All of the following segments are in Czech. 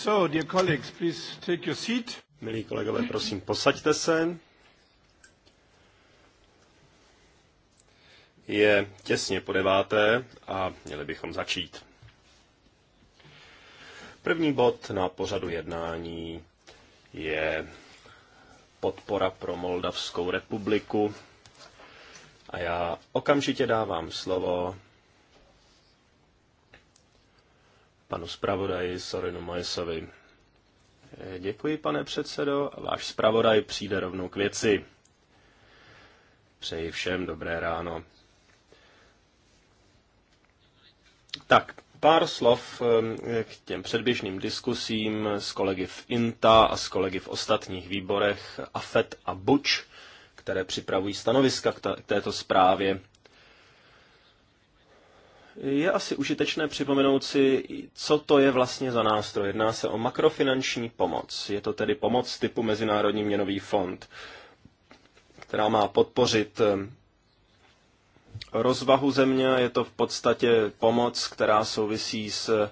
So, dear colleagues, please take your seat. Milí kolegové, prosím, posaďte se. Je těsně po deváté a měli bychom začít. První bod na pořadu jednání je podpora pro Moldavskou republiku. A já okamžitě dávám slovo panu zpravodaji Sorinu Mojesovi. Děkuji, pane předsedo. Váš zpravodaj přijde rovnou k věci. Přeji všem dobré ráno. Tak, pár slov ehm, k těm předběžným diskusím s kolegy v INTA a s kolegy v ostatních výborech AFET a BUČ, které připravují stanoviska k, k této zprávě je asi užitečné připomenout si, co to je vlastně za nástroj. Jedná se o makrofinanční pomoc. Je to tedy pomoc typu Mezinárodní měnový fond, která má podpořit eh, rozvahu země. Je to v podstatě pomoc, která souvisí s eh,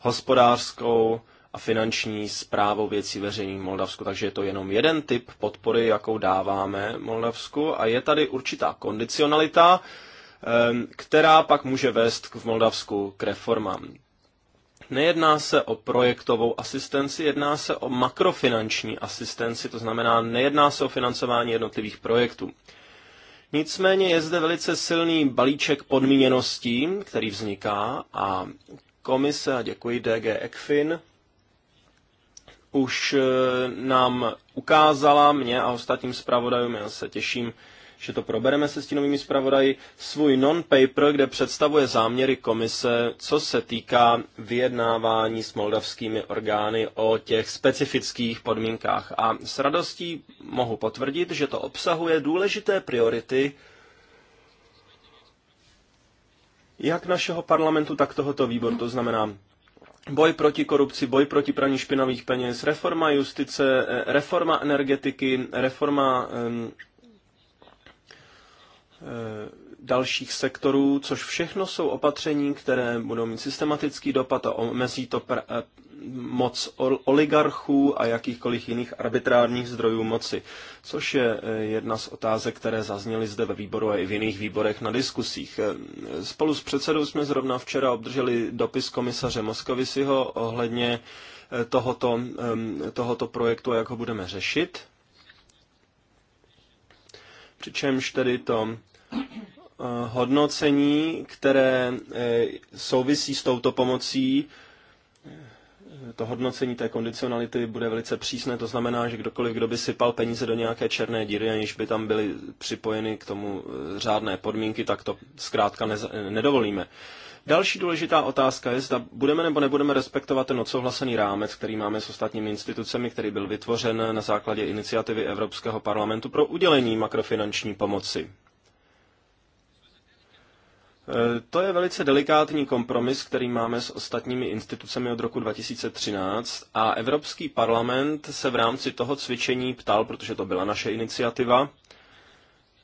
hospodářskou a finanční zprávou věcí veřejných v Moldavsku. Takže je to jenom jeden typ podpory, jakou dáváme Moldavsku. A je tady určitá kondicionalita, Ehm, která pak může vést v Moldavsku k reformám. Nejedná se o projektovou asistenci, jedná se o makrofinanční asistenci, to znamená, nejedná se o financování jednotlivých projektů. Nicméně je zde velice silný balíček podmíněností, který vzniká a komise, a děkuji DG ECFIN, už eh, nám ukázala, mě a ostatním zpravodajům, já se těším že to probereme se stínovými zpravodaji, svůj non-paper, kde představuje záměry komise, co se týká vyjednávání s moldavskými orgány o těch specifických podmínkách. A s radostí mohu potvrdit, že to obsahuje důležité priority jak našeho parlamentu, tak tohoto výboru. To znamená boj proti korupci, boj proti praní špinavých peněz, reforma justice, eh, reforma energetiky, reforma Eh, dalších sektorů, což všechno jsou opatření, které budou mít systematický dopad a omezí to eh, moc oligarchů a jakýchkoliv jiných arbitrárních zdrojů moci, což je eh, jedna z otázek, které zazněly zde ve výboru a i v jiných výborech na diskusích. Spolu s předsedou jsme zrovna včera obdrželi dopis komisaře Moskovisiho ohledně tohoto, tohoto projektu a jak ho budeme řešit. Přičemž tedy to Eh, hodnocení, které eh, souvisí s touto pomocí, eh, to hodnocení té kondicionality bude velice přísné, to znamená, že kdokoliv, kdo by sypal peníze do nějaké černé díry, aniž by tam byly připojeny k tomu řádné podmínky, tak to zkrátka ne- nedovolíme. Další důležitá otázka je, zda budeme nebo nebudeme respektovat ten odsouhlasený rámec, který máme s ostatními institucemi, který byl vytvořen na základě iniciativy Evropského parlamentu pro udělení makrofinanční pomoci. Eh, to je velice delikátní kompromis, který máme s ostatními institucemi od roku 2013 a Evropský parlament se v rámci toho cvičení ptal, protože to byla naše iniciativa,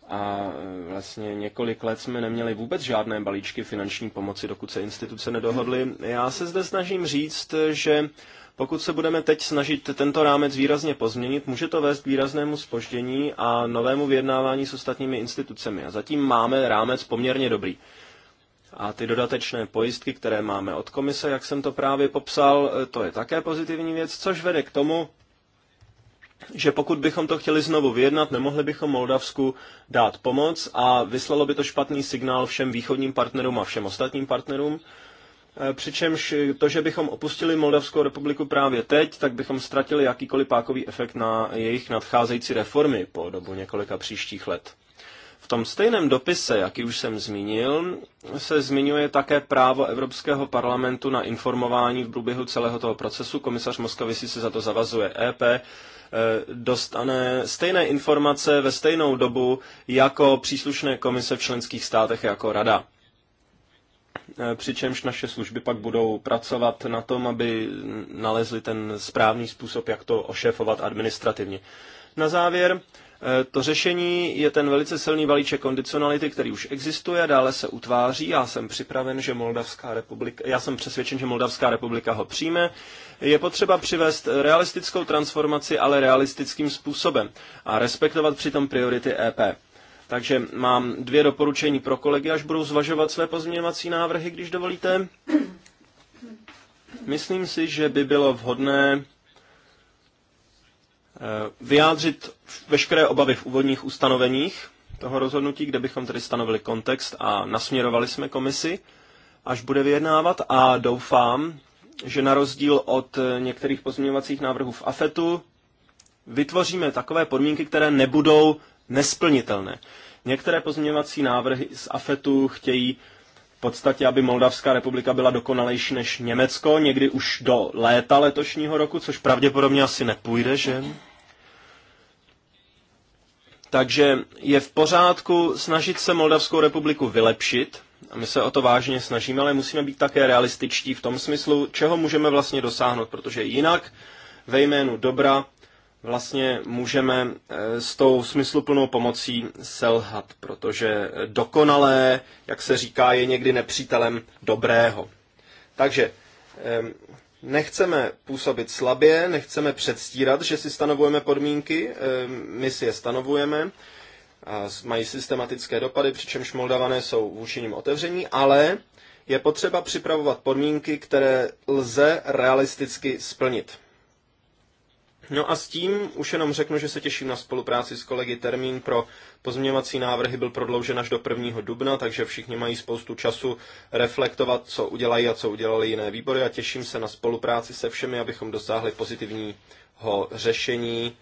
a eh, vlastně několik let jsme neměli vůbec žádné balíčky finanční pomoci, dokud se instituce nedohodly. Já se zde snažím říct, že pokud se budeme teď snažit tento rámec výrazně pozměnit, může to vést k výraznému spoždění a novému vyjednávání s ostatními institucemi. A zatím máme rámec poměrně dobrý. A ty dodatečné pojistky, které máme od komise, jak jsem to právě popsal, e, to je také pozitivní věc, což vede k tomu, že pokud bychom to chtěli znovu vyjednat, nemohli bychom Moldavsku dát pomoc a vyslalo by to špatný signál všem východním partnerům a všem ostatním partnerům. E, přičemž to, že bychom opustili Moldavskou republiku právě teď, tak bychom ztratili jakýkoliv pákový efekt na jejich nadcházející reformy po dobu několika příštích let. V tom stejném dopise, jaký už jsem zmínil, se zmiňuje také právo Evropského parlamentu na informování v průběhu celého toho procesu. Komisař Moskavici se za to zavazuje. EP eh, dostane stejné informace ve stejnou dobu jako příslušné komise v členských státech jako rada. Eh, přičemž naše služby pak budou pracovat na tom, aby nalezli ten správný způsob, jak to ošefovat administrativně. Na závěr Eh, to řešení je ten velice silný balíček kondicionality, který už existuje dále se utváří. Já jsem připraven, že Moldavská republika, já jsem přesvědčen, že Moldavská republika ho přijme. Je potřeba přivést realistickou transformaci, ale realistickým způsobem a respektovat přitom priority EP. Takže mám dvě doporučení pro kolegy, až budou zvažovat své pozměňovací návrhy, když dovolíte. Myslím si, že by bylo vhodné Eh, vyjádřit veškeré obavy v úvodních ustanoveních toho rozhodnutí, kde bychom tedy stanovili kontext a nasměrovali jsme komisi, až bude vyjednávat a doufám, že na rozdíl od eh, některých pozměňovacích návrhů v AFETu vytvoříme takové podmínky, které nebudou nesplnitelné. Některé pozměňovací návrhy z AFETu chtějí v podstatě, aby Moldavská republika byla dokonalejší než Německo, někdy už do léta letošního roku, což pravděpodobně asi nepůjde, že? Takže je v pořádku snažit se Moldavskou republiku vylepšit, a my se o to vážně snažíme, ale musíme být také realističtí v tom smyslu, čeho můžeme vlastně dosáhnout, protože jinak ve jménu dobra vlastně můžeme e, s tou smysluplnou pomocí selhat, protože dokonalé, jak se říká, je někdy nepřítelem dobrého. Takže e, Nechceme působit slabě, nechceme předstírat, že si stanovujeme podmínky, ehm, my si je stanovujeme, a mají systematické dopady, přičemž Moldavané jsou vůči ním otevření, ale je potřeba připravovat podmínky, které lze realisticky splnit. No a s tím už jenom řeknu, že se těším na spolupráci s kolegy. Termín pro pozměňovací návrhy byl prodloužen až do 1. dubna, takže všichni mají spoustu času reflektovat, co udělají a co udělali jiné výbory a těším se na spolupráci se všemi, abychom dosáhli pozitivního řešení.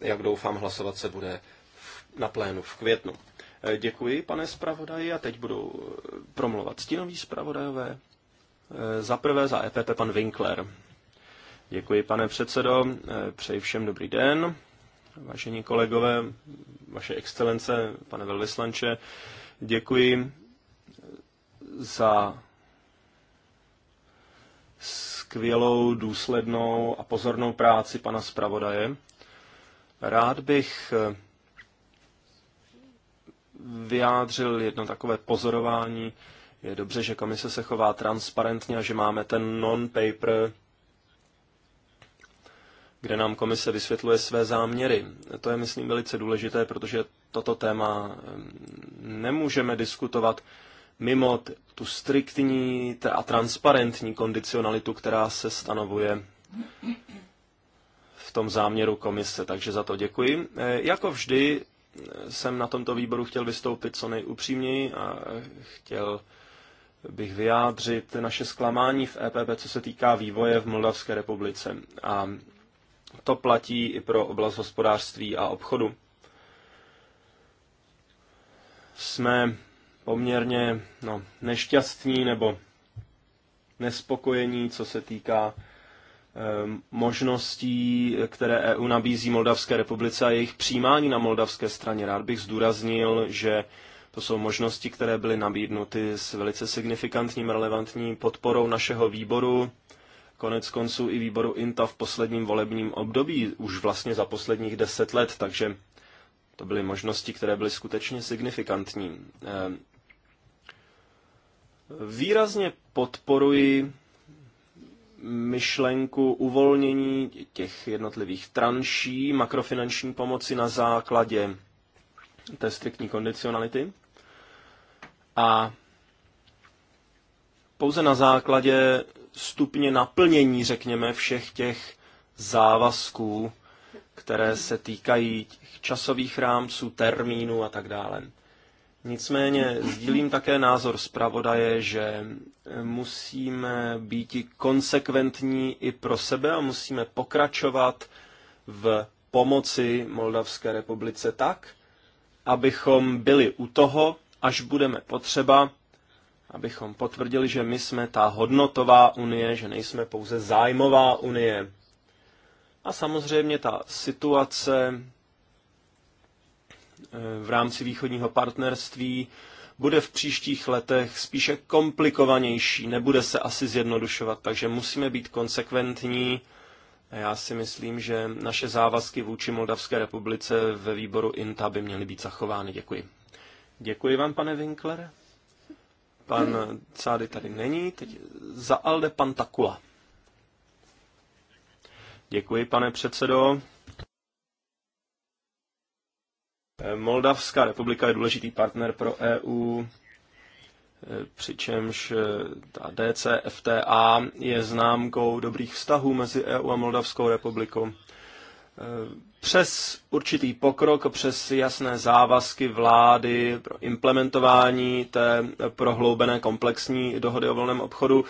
Eh, jak doufám, hlasovat se bude na plénu v květnu. Eh, děkuji, pane zpravodaji, a teď budou eh, promluvat stinoví zpravodajové. Za prvé za EPP pan Winkler. Děkuji, pane předsedo. Eh, přeji všem dobrý den. Vážení kolegové, vaše excelence, pane velvyslanče, děkuji za skvělou, důslednou a pozornou práci pana zpravodaje. Rád bych eh, vyjádřil jedno takové pozorování. Je dobře, že komise se chová transparentně a že máme ten non-paper kde nám komise vysvětluje své záměry. To je, myslím, velice důležité, protože toto téma nemůžeme diskutovat mimo tu striktní a transparentní kondicionalitu, která se stanovuje v tom záměru komise. Takže za to děkuji. E, jako vždy e, jsem na tomto výboru chtěl vystoupit co nejupřímněji a e, chtěl bych vyjádřit naše zklamání v EPP, co se týká vývoje v Moldavské republice. A to platí i pro oblast hospodářství a obchodu. Jsme poměrně no, nešťastní nebo nespokojení, co se týká ehm, možností, které EU nabízí Moldavské republice a jejich přijímání na moldavské straně. Rád bych zdůraznil, že to jsou možnosti, které byly nabídnuty s velice signifikantním relevantní podporou našeho výboru konec konců i výboru INTA v posledním volebním období, už vlastně za posledních deset let, takže to byly možnosti, které byly skutečně signifikantní. Ehm, výrazně podporuji myšlenku uvolnění těch jednotlivých tranší makrofinanční pomoci na základě té striktní kondicionality. A pouze na základě stupně naplnění, řekněme, všech těch závazků, které se týkají těch časových rámců, termínů a tak dále. Nicméně sdílím také názor zpravodaje, že musíme být konsekventní i pro sebe a musíme pokračovat v pomoci Moldavské republice tak, abychom byli u toho, až budeme potřeba, abychom potvrdili, že my jsme ta hodnotová unie, že nejsme pouze zájmová unie. A samozřejmě ta situace eh, v rámci východního partnerství bude v příštích letech spíše komplikovanější, nebude se asi zjednodušovat, takže musíme být konsekventní. Já si myslím, že naše závazky vůči Moldavské republice ve výboru INTA by měly být zachovány. Děkuji. Děkuji vám, pane Winkler. Pan Cády tady není, teď za Alde pan Takula. Děkuji, pane předsedo. Moldavská republika je důležitý partner pro EU, přičemž eh, ta DCFTA je známkou dobrých vztahů mezi EU a Moldavskou republikou. Eh, přes určitý pokrok, přes jasné závazky vlády pro implementování té prohloubené komplexní dohody o volném obchodu,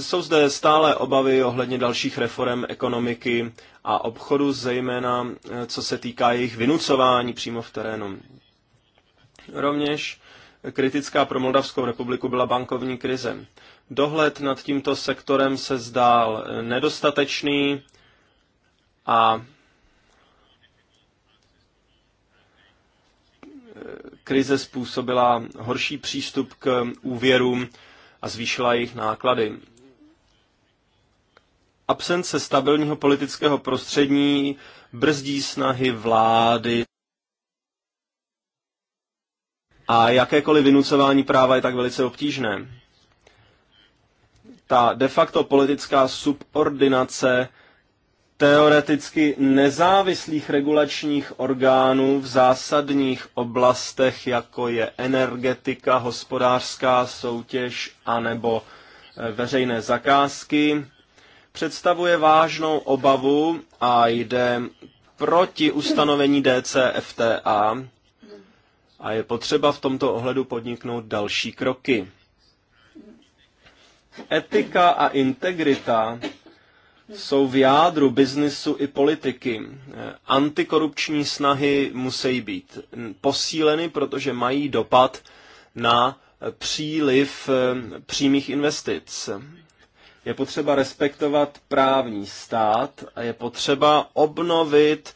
jsou zde stále obavy ohledně dalších reform ekonomiky a obchodu, zejména eh, co se týká jejich vynucování přímo v terénu. Rovněž kritická pro Moldavskou republiku byla bankovní krize. Dohled nad tímto sektorem se zdál eh, nedostatečný a krize způsobila horší přístup k úvěrům a zvýšila jejich náklady. Absence stabilního politického prostředí brzdí snahy vlády a jakékoliv vynucování práva je tak velice obtížné. Ta de facto politická subordinace teoreticky nezávislých regulačních orgánů v zásadních oblastech, jako je energetika, hospodářská soutěž anebo eh, veřejné zakázky, představuje vážnou obavu a jde proti ustanovení DCFTA a je potřeba v tomto ohledu podniknout další kroky. Etika a integrita jsou v jádru biznisu i politiky. Eh, antikorupční snahy musí být posíleny, protože mají dopad na eh, příliv eh, přímých investic. Je potřeba respektovat právní stát a je potřeba obnovit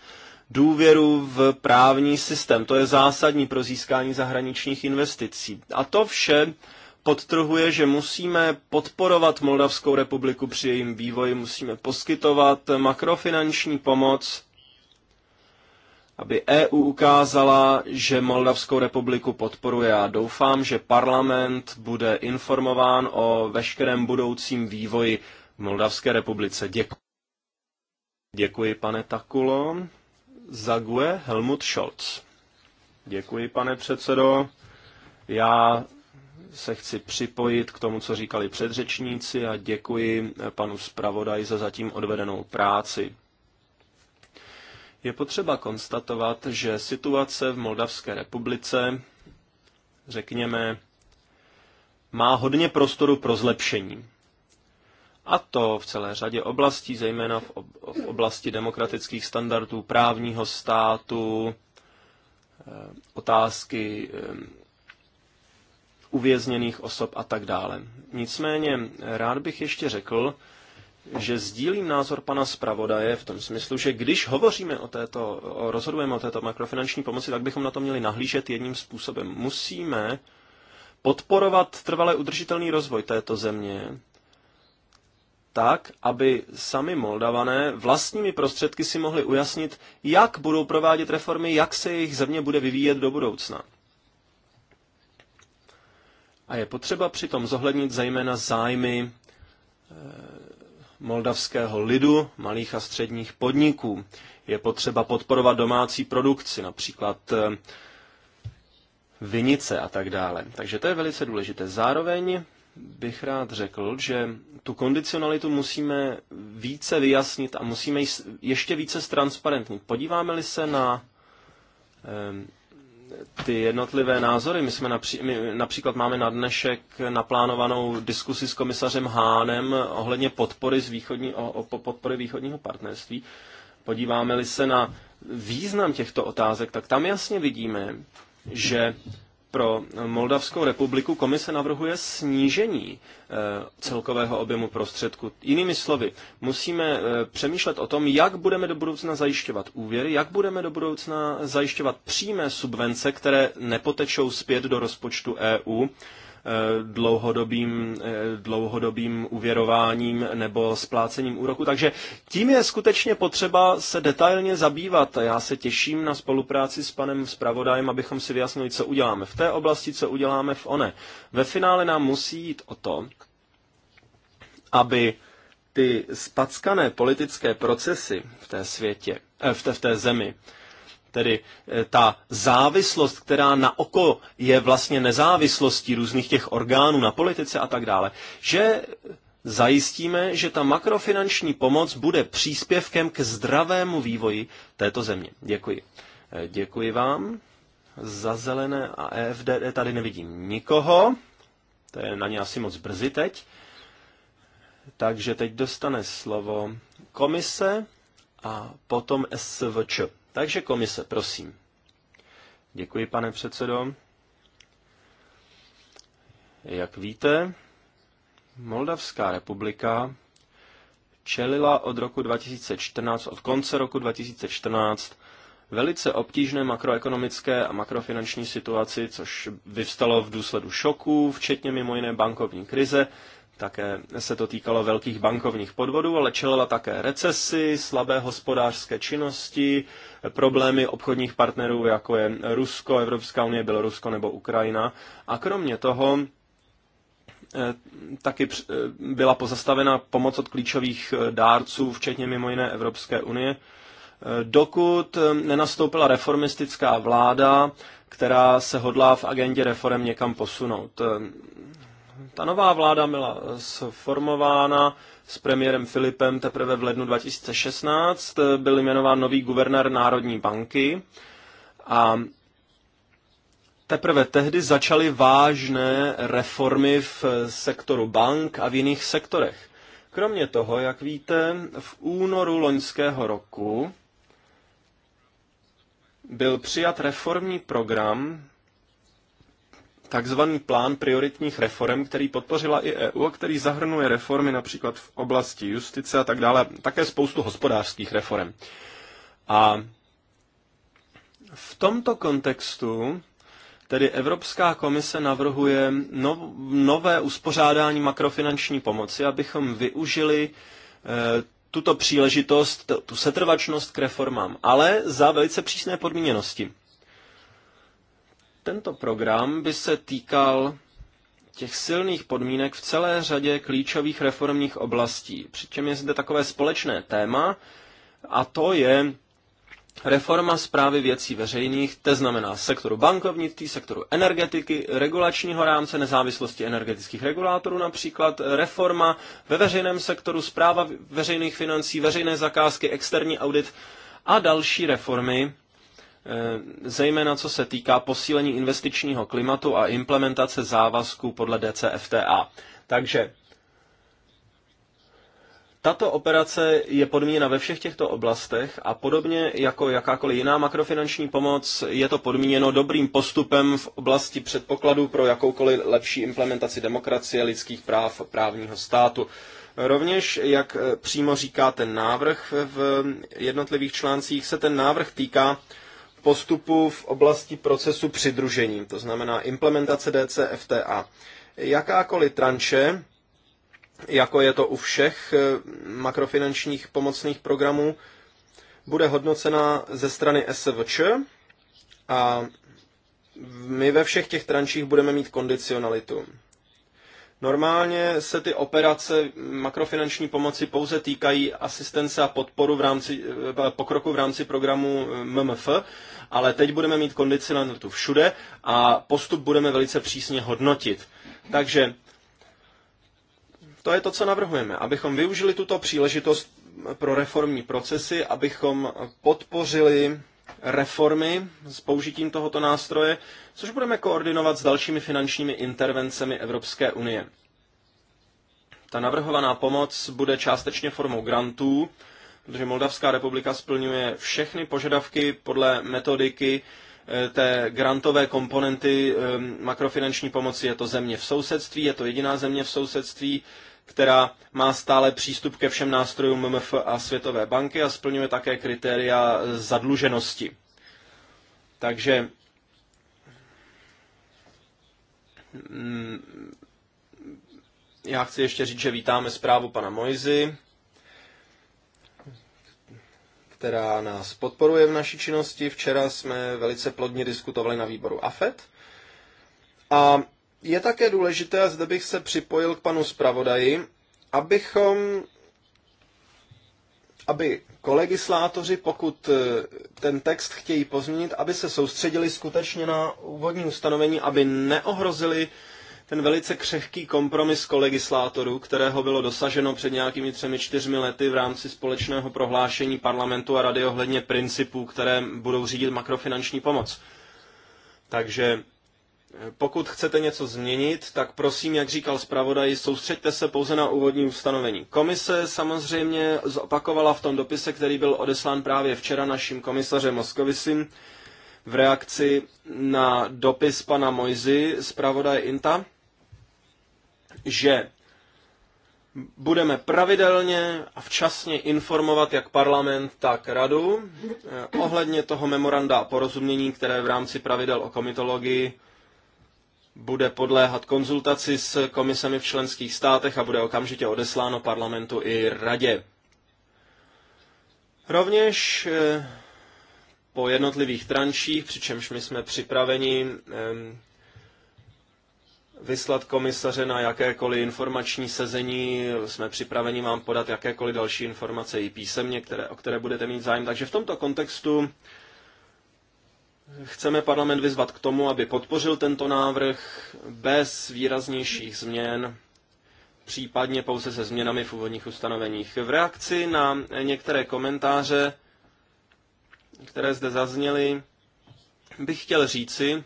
důvěru v právní systém. To je zásadní pro získání zahraničních investicí. A to vše podtrhuje, že musíme podporovat Moldavskou republiku při jejím vývoji, musíme poskytovat makrofinanční pomoc, aby EU ukázala, že Moldavskou republiku podporuje a doufám, že parlament bude informován o veškerém budoucím vývoji v Moldavské republice. Děkuji. Děkuji, pane Takulo. Zague Helmut Scholz. Děkuji, pane předsedo. Já se chci připojit k tomu, co říkali předřečníci a děkuji eh, panu zpravodaji za zatím odvedenou práci. Je potřeba konstatovat, že situace v Moldavské republice, řekněme, má hodně prostoru pro zlepšení. A to v celé řadě oblastí, zejména v, v oblasti demokratických standardů, právního státu, eh, otázky eh, uvězněných osob a tak dále. Nicméně rád bych ještě řekl, že sdílím názor pana zpravodaje v tom smyslu, že když hovoříme o této, o rozhodujeme o této makrofinanční pomoci, tak bychom na to měli nahlížet jedním způsobem. Musíme podporovat trvale udržitelný rozvoj této země tak, aby sami Moldavané vlastními prostředky si mohli ujasnit, jak budou provádět reformy, jak se jejich země bude vyvíjet do budoucna a je potřeba přitom zohlednit zejména zájmy eh, moldavského lidu, malých a středních podniků. Je potřeba podporovat domácí produkci, například eh, vinice a tak dále. Takže to je velice důležité. Zároveň bych rád řekl, že tu kondicionalitu musíme více vyjasnit a musíme ji ještě více ztransparentnit. Podíváme-li se na eh, ty jednotlivé názory. My jsme napří, my například máme na dnešek naplánovanou diskusi s komisařem Hánem ohledně podpory, z východní, o, o podpory východního partnerství. Podíváme-li se na význam těchto otázek, tak tam jasně vidíme, že pro Moldavskou republiku komise navrhuje snížení eh, celkového objemu prostředků. Jinými slovy, musíme eh, přemýšlet o tom, jak budeme do budoucna zajišťovat úvěry, jak budeme do budoucna zajišťovat přímé subvence, které nepotečou zpět do rozpočtu EU dlouhodobým, dlouhodobým uvěrováním nebo splácením úroku. Takže tím je skutečně potřeba se detailně zabývat. Já se těším na spolupráci s panem zpravodajem, abychom si vyjasnili, co uděláme v té oblasti, co uděláme v one. Ve finále nám musí jít o to, aby ty spackané politické procesy v té světě, eh, v té, v té zemi, Tedy eh, ta závislost, která na oko je vlastně nezávislostí různých těch orgánů na politice a tak dále, že zajistíme, že ta makrofinanční pomoc bude příspěvkem k zdravému vývoji této země. Děkuji. Eh, děkuji vám. Za zelené a EFD tady nevidím nikoho. To je na ně asi moc brzy teď. Takže teď dostane slovo komise a potom SVČ. Takže komise, prosím. Děkuji, pane předsedo. Jak víte, Moldavská republika čelila od roku 2014, od konce roku 2014, velice obtížné makroekonomické a makrofinanční situaci, což vyvstalo v důsledku šoků, včetně mimo jiné bankovní krize, také se to týkalo velkých bankovních podvodů, ale čelila také recesi, slabé hospodářské činnosti, problémy obchodních partnerů, jako je Rusko, Evropská unie, Bělorusko nebo Ukrajina. A kromě toho eh, taky eh, byla pozastavena pomoc od klíčových eh, dárců, včetně mimo jiné Evropské unie, dokud nenastoupila reformistická vláda, která se hodlá v agendě reform někam posunout. Ta nová vláda byla eh, sformována s premiérem Filipem teprve v lednu 2016. Eh, byl jmenován nový guvernér Národní banky a teprve tehdy začaly vážné reformy v eh, sektoru bank a v jiných sektorech. Kromě toho, jak víte, v únoru loňského roku byl přijat reformní program takzvaný plán prioritních reform, který podpořila i EU, a který zahrnuje reformy například v oblasti justice a tak dále, také spoustu hospodářských reform. A v tomto kontextu tedy Evropská komise navrhuje no, nové uspořádání makrofinanční pomoci, abychom využili e, tuto příležitost, tu setrvačnost k reformám, ale za velice přísné podmíněnosti. Tento program by se týkal těch silných podmínek v celé řadě klíčových reformních oblastí. Přičem je zde takové společné téma, a to je reforma zprávy věcí veřejných, to znamená sektoru bankovnictví, sektoru energetiky, regulačního rámce nezávislosti energetických regulátorů například, reforma ve veřejném sektoru, zpráva veřejných financí, veřejné zakázky, externí audit a další reformy, Eh, zejména co se týká posílení investičního klimatu a implementace závazků podle DCFTA. Takže tato operace je podmíněna ve všech těchto oblastech a podobně jako jakákoliv jiná makrofinanční pomoc je to podmíněno dobrým postupem v oblasti předpokladů pro jakoukoliv lepší implementaci demokracie, lidských práv, právního státu. Rovněž, jak eh, přímo říká ten návrh v jednotlivých článcích, se ten návrh týká postupu v oblasti procesu přidružení, to znamená implementace DCFTA. Jakákoliv tranše, jako je to u všech eh, makrofinančních pomocných programů, bude hodnocena ze strany SVČ a my ve všech těch trančích budeme mít kondicionalitu. Normálně se ty operace makrofinanční pomoci pouze týkají asistence a podporu v rámci, eh, pokroku v rámci programu eh, MMF, ale teď budeme mít kondicionalitu všude a postup budeme velice přísně hodnotit. Takže to je to, co navrhujeme, abychom využili tuto příležitost pro reformní procesy, abychom podpořili reformy s použitím tohoto nástroje, což budeme koordinovat s dalšími finančními intervencemi Evropské unie. Ta navrhovaná pomoc bude částečně formou grantů, protože Moldavská republika splňuje všechny požadavky podle metodiky eh, té grantové komponenty eh, makrofinanční pomoci. Je to země v sousedství, je to jediná země v sousedství, která má stále přístup ke všem nástrojům MMF a Světové banky a splňuje také kritéria zadluženosti. Takže mm, já chci ještě říct, že vítáme zprávu pana Mojzy, která nás podporuje v naší činnosti. Včera jsme velice plodně diskutovali na výboru AFET a je také důležité, a zde bych se připojil k panu zpravodaji, abychom, aby kolegislátoři, pokud eh, ten text chtějí pozměnit, aby se soustředili skutečně na úvodní ustanovení, aby neohrozili ten velice křehký kompromis kolegislátorů, kterého bylo dosaženo před nějakými třemi, čtyřmi lety v rámci společného prohlášení parlamentu a rady ohledně principů, které budou řídit makrofinanční pomoc. Takže pokud chcete něco změnit, tak prosím, jak říkal zpravodaj, soustřeďte se pouze na úvodní ustanovení. Komise samozřejmě zopakovala v tom dopise, který byl odeslán právě včera naším komisařem Moskovisim v reakci na dopis pana Mojzy, zpravodaj INTA, že budeme pravidelně a včasně informovat jak parlament, tak radu eh, ohledně toho memoranda a porozumění, které v rámci pravidel o komitologii bude podléhat konzultaci s komisemi v členských státech a bude okamžitě odesláno parlamentu i radě. Rovněž eh, po jednotlivých trančích, přičemž my jsme připraveni vyslat komisaře na jakékoliv informační sezení, jsme připraveni vám podat jakékoliv další informace i písemně, které, o které budete mít zájem. Takže v tomto kontextu Chceme parlament vyzvat k tomu, aby podpořil tento návrh bez výraznějších změn, případně pouze se změnami v úvodních ustanoveních. V reakci na některé komentáře, které zde zazněly, bych chtěl říci,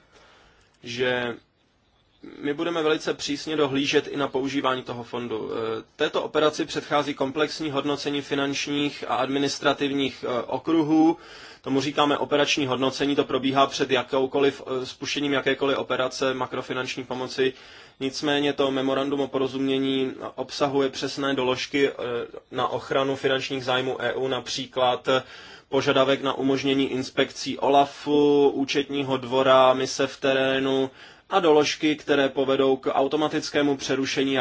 že my budeme velice přísně dohlížet i na používání toho fondu. Eh, této operaci předchází komplexní hodnocení finančních a administrativních eh, okruhů. Tomu říkáme operační hodnocení, to probíhá před jakoukoliv, eh, spuštěním jakékoliv operace makrofinanční pomoci. Nicméně to memorandum o porozumění obsahuje přesné doložky na ochranu finančních zájmů EU, například požadavek na umožnění inspekcí OLAFu, účetního dvora, mise v terénu, a doložky, které povedou k automatickému přerušení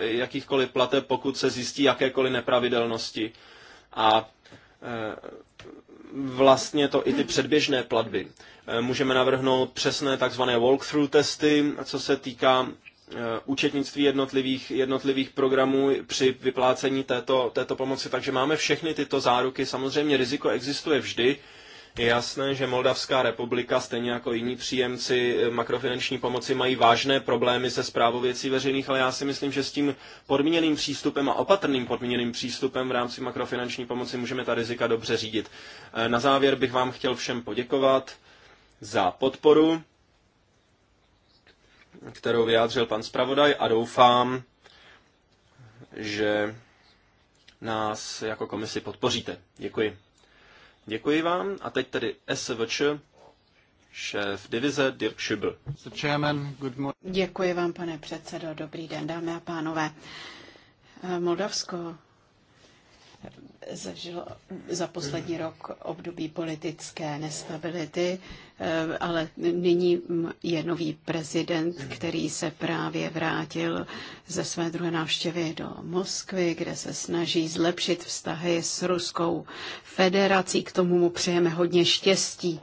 jakýchkoliv plateb, pokud se zjistí jakékoliv nepravidelnosti. A e, vlastně to i ty předběžné platby. E, můžeme navrhnout přesné takzvané walkthrough testy, co se týká e, účetnictví jednotlivých, jednotlivých programů při vyplácení této, této pomoci. Takže máme všechny tyto záruky. Samozřejmě riziko existuje vždy, je jasné, že Moldavská republika, stejně jako jiní příjemci eh, makrofinanční pomoci, mají vážné problémy se zprávou věcí veřejných, ale já si myslím, že s tím podmíněným přístupem a opatrným podmíněným přístupem v rámci makrofinanční pomoci můžeme ta rizika dobře řídit. Eh, na závěr bych vám chtěl všem poděkovat za podporu, kterou vyjádřil pan zpravodaj a doufám, že nás jako komisi podpoříte. Děkuji. Děkuji vám a teď tedy SVČ, šéf divize Dirk Schübel. Děkuji vám, pane předsedo. Dobrý den, dámy a pánové. Moldavsko zažilo za poslední rok období politické nestability, eh, ale nyní mm, je nový prezident, který se právě vrátil ze své druhé návštěvy do Moskvy, kde se snaží zlepšit vztahy s Ruskou federací. K tomu mu přejeme hodně štěstí.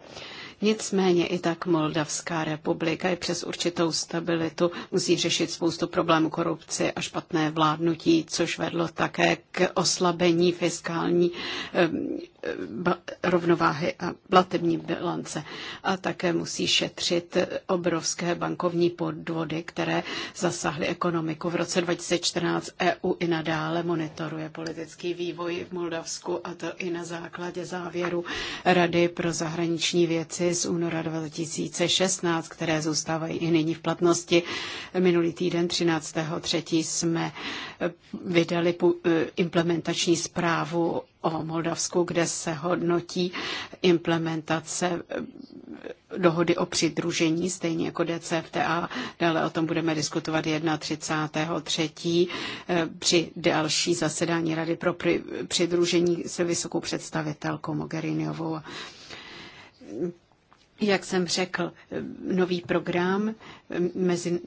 Nicméně i tak Moldavská republika i přes určitou stabilitu musí řešit spoustu problémů korupce a špatné vládnutí, což vedlo také k oslabení fiskální rovnováhy a platební bilance. A také musí šetřit obrovské bankovní podvody, které zasahly ekonomiku. V roce 2014 EU i nadále monitoruje politický vývoj v Moldavsku a to i na základě závěru Rady pro zahraniční věci z února 2016, které zůstávají i nyní v platnosti. Minulý týden 13.3. jsme vydali implementační zprávu o Moldavsku, kde se hodnotí implementace dohody o přidružení, stejně jako DCFTA. Dále o tom budeme diskutovat 31.3. Eh, při další zasedání Rady pro přidružení se vysokou představitelkou Mogheriniovou. Jak jsem řekl, nový program mezi,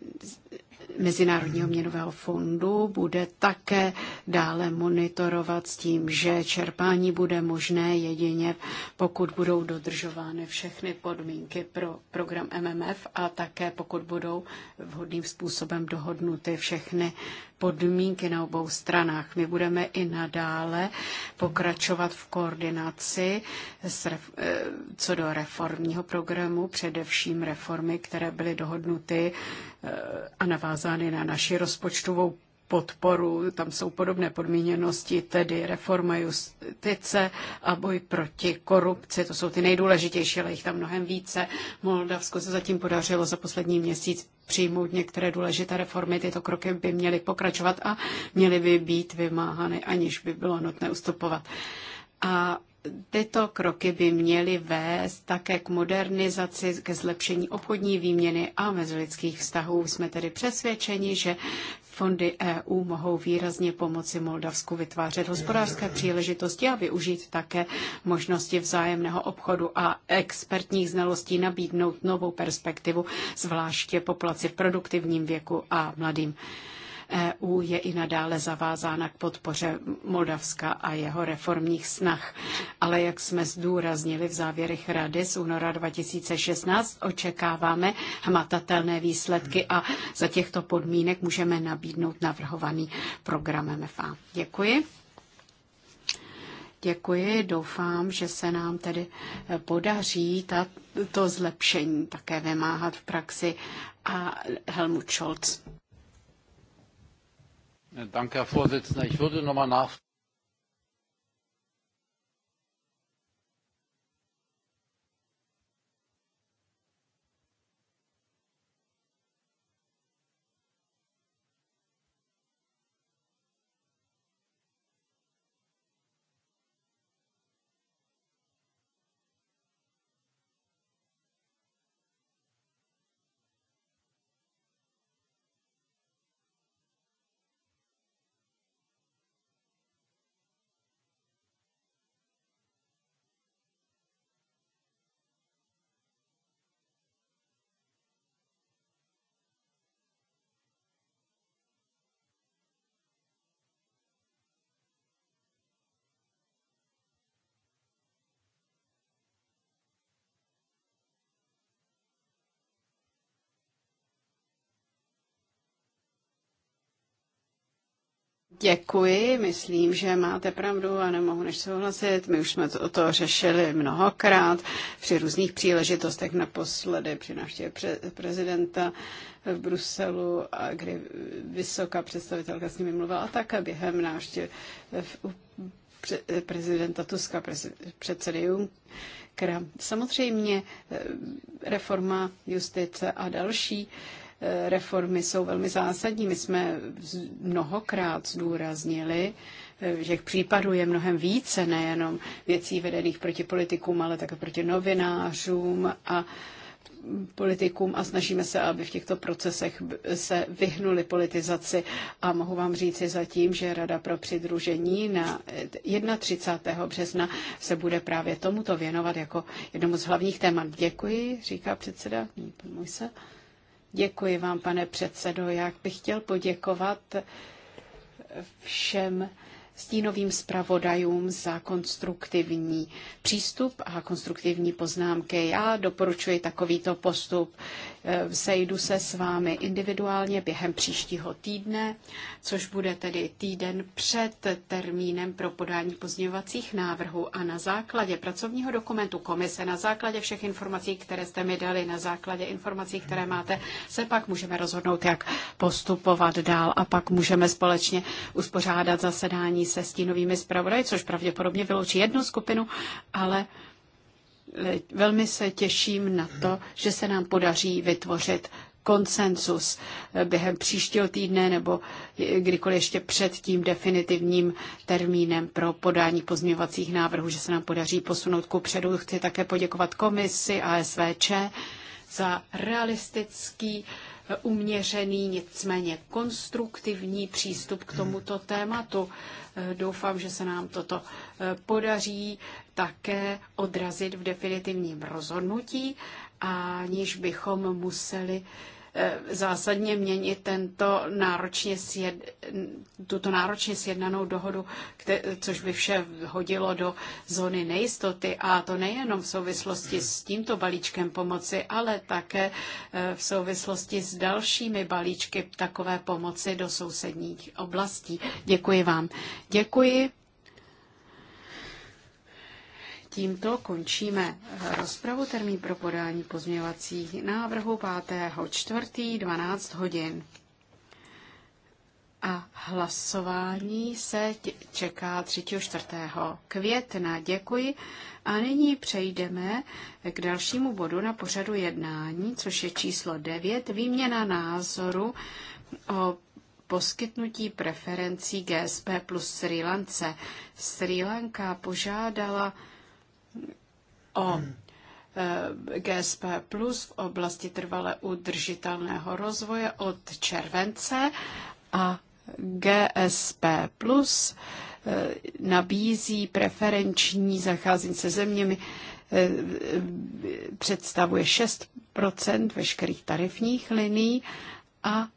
Mezinárodního měnového fondu bude také dále monitorovat s tím, že čerpání bude možné jedině, pokud budou dodržovány všechny podmínky pro program MMF a také pokud budou vhodným způsobem dohodnuty všechny podmínky na obou stranách. My budeme i nadále pokračovat v koordinaci s, eh, co do reformního programu, především reformy, které byly dohodnuty eh, a navázány na naši rozpočtovou podporu, tam jsou podobné podmíněnosti, tedy reforma justice a boj proti korupci, to jsou ty nejdůležitější, ale jich tam mnohem více. Moldavsko se zatím podařilo za poslední měsíc přijmout některé důležité reformy, tyto kroky by měly pokračovat a měly by být vymáhány, aniž by bylo nutné ustupovat. A tyto kroky by měly vést také k modernizaci, ke zlepšení obchodní výměny a mezilidských vztahů. Jsme tedy přesvědčeni, že fondy EU mohou výrazně pomoci Moldavsku vytvářet hospodářské příležitosti a využít také možnosti vzájemného obchodu a expertních znalostí nabídnout novou perspektivu, zvláště populaci v produktivním věku a mladým. EU je i nadále zavázána k podpoře Moldavska a jeho reformních snah. Ale jak jsme zdůraznili v závěrech Rady z února 2016, očekáváme hmatatelné výsledky a za těchto podmínek můžeme nabídnout navrhovaný program MFA. Děkuji. Děkuji, doufám, že se nám tedy podaří to zlepšení také vymáhat v praxi. A Helmut Scholz. Herr präsident! Ich würde einmal nachfragen. Děkuji, myslím, že máte pravdu a nemohu než souhlasit. My už jsme to, to řešili mnohokrát při různých příležitostech, naposledy při návštěvě pre, prezidenta v Bruselu, a kdy vysoká představitelka s nimi mluvila, a také během návštěv v, pre, prezidenta Tuska, prez, předsedy Jung, Samozřejmě eh, reforma justice a další reformy jsou velmi zásadní. My jsme mnohokrát zdůraznili, eh, že případů je mnohem více, nejenom věcí vedených proti politikům, ale také proti novinářům a politikům a snažíme se, aby v těchto procesech se vyhnuli politizaci. A mohu vám říci zatím, že Rada pro přidružení na 31. Eh, března se bude právě tomuto věnovat jako jednomu z hlavních témat. Děkuji, říká předseda. Můj se. Děkuji vám, pane předsedo. Já bych chtěl poděkovat všem stínovým zpravodajům za konstruktivní přístup a konstruktivní poznámky. Já doporučuji takovýto postup. E, sejdu se s vámi individuálně během příštího týdne, což bude tedy týden před termínem pro podání pozměňovacích návrhů a na základě pracovního dokumentu komise, na základě všech informací, které jste mi dali, na základě informací, které máte, se pak můžeme rozhodnout, jak postupovat dál a pak můžeme společně uspořádat zasedání se stínovými zpravodaji, což pravděpodobně vyloučí jednu skupinu, ale eh, velmi se těším na to, že se nám podaří vytvořit konsensus eh, během příštího týdne nebo eh, kdykoliv ještě před tím definitivním termínem pro podání pozměňovacích návrhů, že se nám podaří posunout ku předu. Chci také poděkovat komisi a SVČ za realistický uměřený, nicméně konstruktivní přístup k tomuto tématu. Doufám, že se nám toto eh, podaří také odrazit v definitivním rozhodnutí, aniž bychom museli Eh, zásadně měnit tento náročně sjed, tuto náročně sjednanou dohodu, kte, což by vše hodilo do zóny nejistoty. A to nejenom v souvislosti s tímto balíčkem pomoci, ale také eh, v souvislosti s dalšími balíčky takové pomoci do sousedních oblastí. Děkuji vám. Děkuji. Tímto končíme rozpravu. Termín pro podání pozměňovacích návrhů 5. 4. 12 hodin. A hlasování se čeká 3. 4. května. Děkuji. A nyní přejdeme k dalšímu bodu na pořadu jednání, což je číslo 9. Výměna názoru o poskytnutí preferencí GSP plus Sri Lance. Sri Lanka požádala o eh, GSP Plus v oblasti trvale udržitelného rozvoje od července a GSP Plus eh, nabízí preferenční zacházení se zeměmi, eh, představuje 6 veškerých tarifních linií a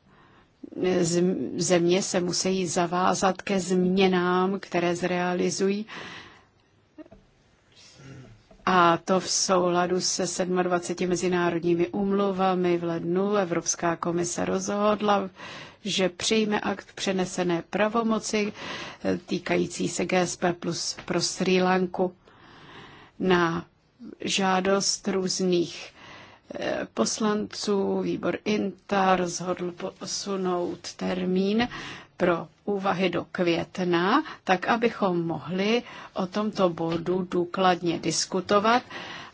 země se musí zavázat ke změnám, které zrealizují a to v souladu se 27 mezinárodními umluvami v lednu Evropská komise rozhodla, že přijme akt přenesené pravomoci eh, týkající se GSP plus pro Sri Lanku na žádost různých eh, poslanců výbor INTA rozhodl posunout termín pro úvahy do května, tak abychom mohli o tomto bodu důkladně diskutovat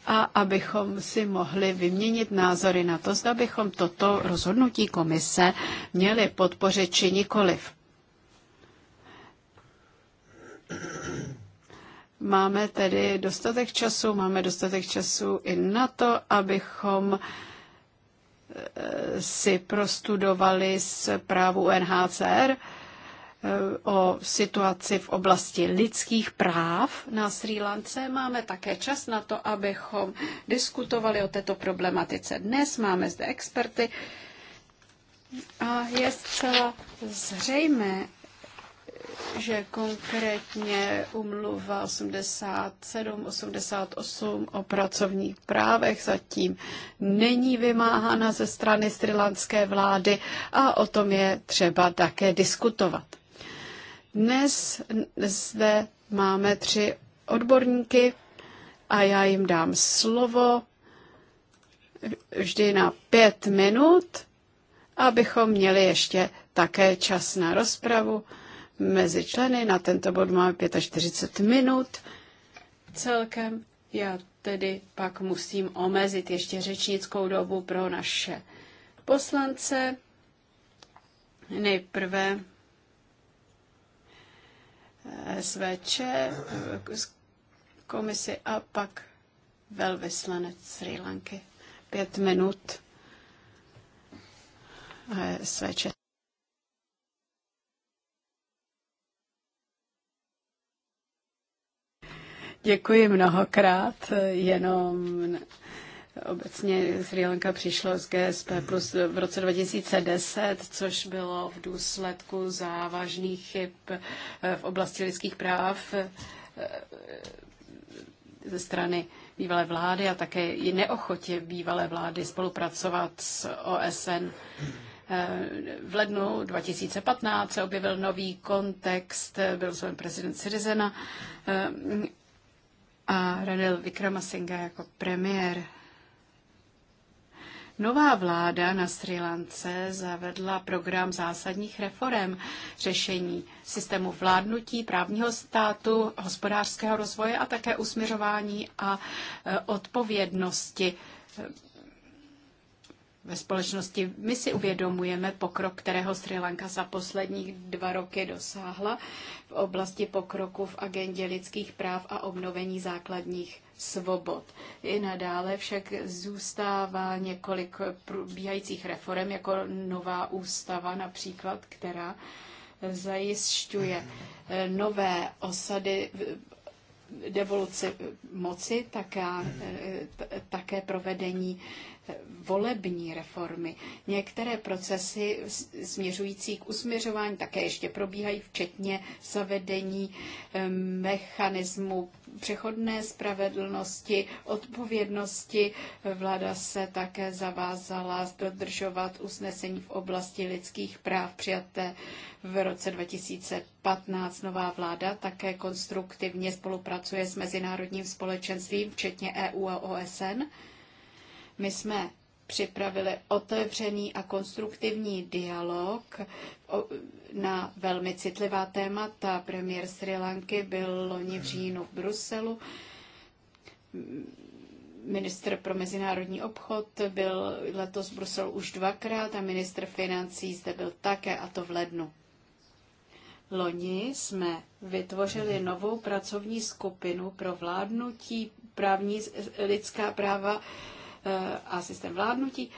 a abychom si mohli vyměnit názory na to, zda bychom toto rozhodnutí komise měli podpořit či nikoliv. Máme tedy dostatek času, máme dostatek času i na to, abychom eh, si prostudovali zprávu NHCR o situaci v oblasti lidských práv na Sri Lance. Máme také čas na to, abychom diskutovali o této problematice. Dnes máme zde experty a je zcela zřejmé, že konkrétně umluva 87, 88 o pracovních právech zatím není vymáhána ze strany strilanské vlády a o tom je třeba také diskutovat. Dnes zde máme tři odborníky a já jim dám slovo vždy na pět minut, abychom měli ještě také čas na rozpravu mezi členy. Na tento bod máme 45 minut celkem. Já tedy pak musím omezit ještě řečnickou dobu pro naše poslance. Nejprve SVČ, komisi a pak velvyslanec Sri Lanky. Pět minut SVČ. Děkuji mnohokrát, jenom Obecně Sri Lanka přišlo z GSP plus v roce 2010, což bylo v důsledku závažných chyb eh, v oblasti lidských práv eh, eh, ze strany bývalé vlády a také i neochotě bývalé vlády spolupracovat s OSN. V lednu 2015 se objevil nový kontext, byl zvolen prezident Sirizena a Ranil Vikramasinghe jako premiér. Nová vláda na Sri Lance zavedla program zásadních reform řešení systému vládnutí, právního státu, hospodářského rozvoje a také usměřování a e, odpovědnosti e, ve společnosti. My si uvědomujeme pokrok, kterého Sri Lanka za posledních dva roky dosáhla v oblasti pokroku v agendě lidských práv a obnovení základních svobod. I nadále však zůstává několik probíhajících reform, jako nová ústava například, která zajišťuje eh, nové osady devoluci moci, také, eh, také provedení eh, volební reformy. Některé procesy směřující k usměřování také ještě probíhají, včetně zavedení mechanismu přechodné spravedlnosti, odpovědnosti. Vláda se také zavázala dodržovat usnesení v oblasti lidských práv přijaté v roce 2015. Nová vláda také konstruktivně spolupracuje s mezinárodním společenstvím, včetně EU a OSN. My jsme připravili otevřený a konstruktivní dialog na velmi citlivá témata. Premiér Sri Lanky byl loni v říjnu v Bruselu. Ministr pro mezinárodní obchod byl letos v Bruselu už dvakrát a ministr financí zde byl také, a to v lednu. Loni jsme vytvořili novou pracovní skupinu pro vládnutí právní lidská práva Eh, a systém vládnutí.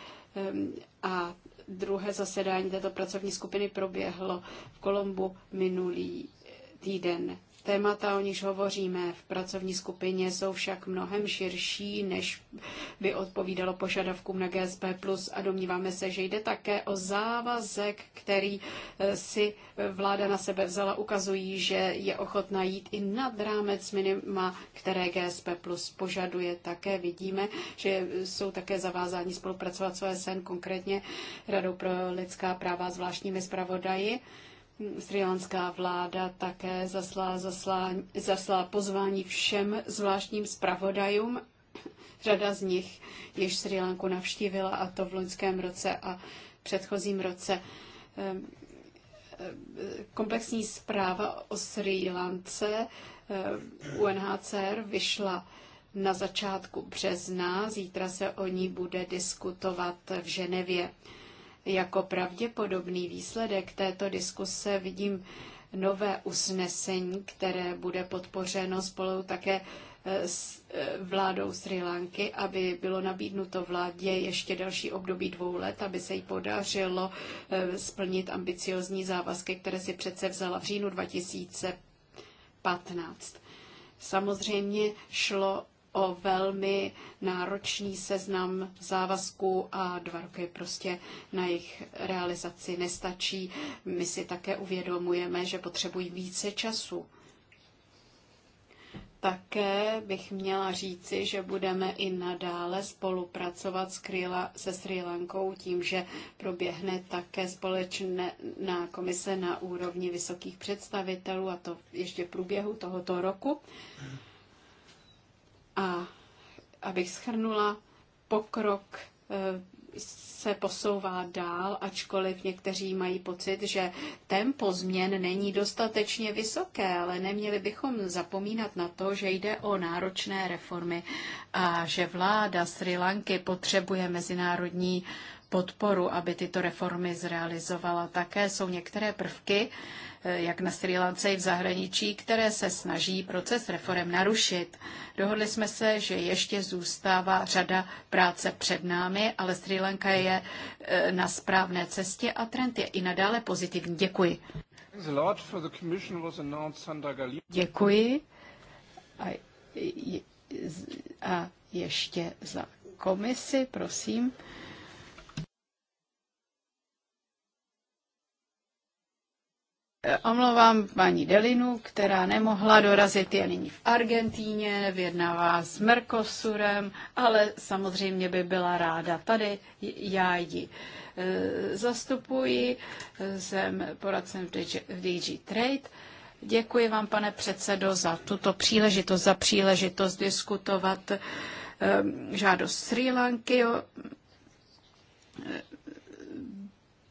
A druhé zasedání této pracovní skupiny proběhlo v Kolombu minulý týden. Témata, o nichž hovoříme v pracovní skupině, jsou však mnohem širší, než by odpovídalo požadavkům na GSP+. A domníváme se, že jde také o závazek, který eh, si vláda na sebe vzala, ukazují, že je ochotná jít i nad rámec minima, které GSP požaduje. Také vidíme, že jsou také zavázáni spolupracovat s OSN, konkrétně Radou pro lidská práva, zvláštními zpravodaji lanská vláda také zaslá zaslá, zaslá pozvání všem zvláštním zpravodajům. Řada z nich již Sri Lanku navštívila a to v loňském roce a předchozím roce. Eh, komplexní zpráva o Sri Lance eh, UNHCR vyšla na začátku března. Zítra se o ní bude diskutovat v Ženevě. Jako pravděpodobný výsledek této diskuse vidím nové usnesení, které bude podpořeno spolu také e, s e, vládou Sri Lanky, aby bylo nabídnuto vládě ještě další období dvou let, aby se jí podařilo e, splnit ambiciozní závazky, které si přece vzala v říjnu 2015. Samozřejmě šlo o velmi náročný seznam závazků a dva roky prostě na jejich realizaci nestačí. My si také uvědomujeme, že potřebují více času. Také bych měla říci, že budeme i nadále spolupracovat s Kryla, se Sri Lankou tím, že proběhne také společná komise na úrovni vysokých představitelů, a to ještě v průběhu tohoto roku. A abych schrnula, pokrok eh, se posouvá dál, ačkoliv někteří mají pocit, že tempo změn není dostatečně vysoké, ale neměli bychom zapomínat na to, že jde o náročné reformy a že vláda Sri Lanky potřebuje mezinárodní podporu, aby tyto reformy zrealizovala. Také jsou některé prvky, Eh, jak na Sri Lance i v zahraničí, které se snaží proces reform narušit. Dohodli jsme se, že ještě zůstává řada práce před námi, ale Sri Lanka je eh, na správné cestě a trend je i nadále pozitivní. Děkuji. Děkuji. A, a ještě za komisi, prosím. Omlouvám paní Delinu, která nemohla dorazit, je nyní v Argentíně, vyjednává s Mercosurem, ale samozřejmě by byla ráda tady. Já ji eh, zastupuji, eh, jsem poradcem v DG, v DG Trade. Děkuji vám, pane předsedo, za tuto příležitost, za příležitost diskutovat eh, žádost Sri Lanky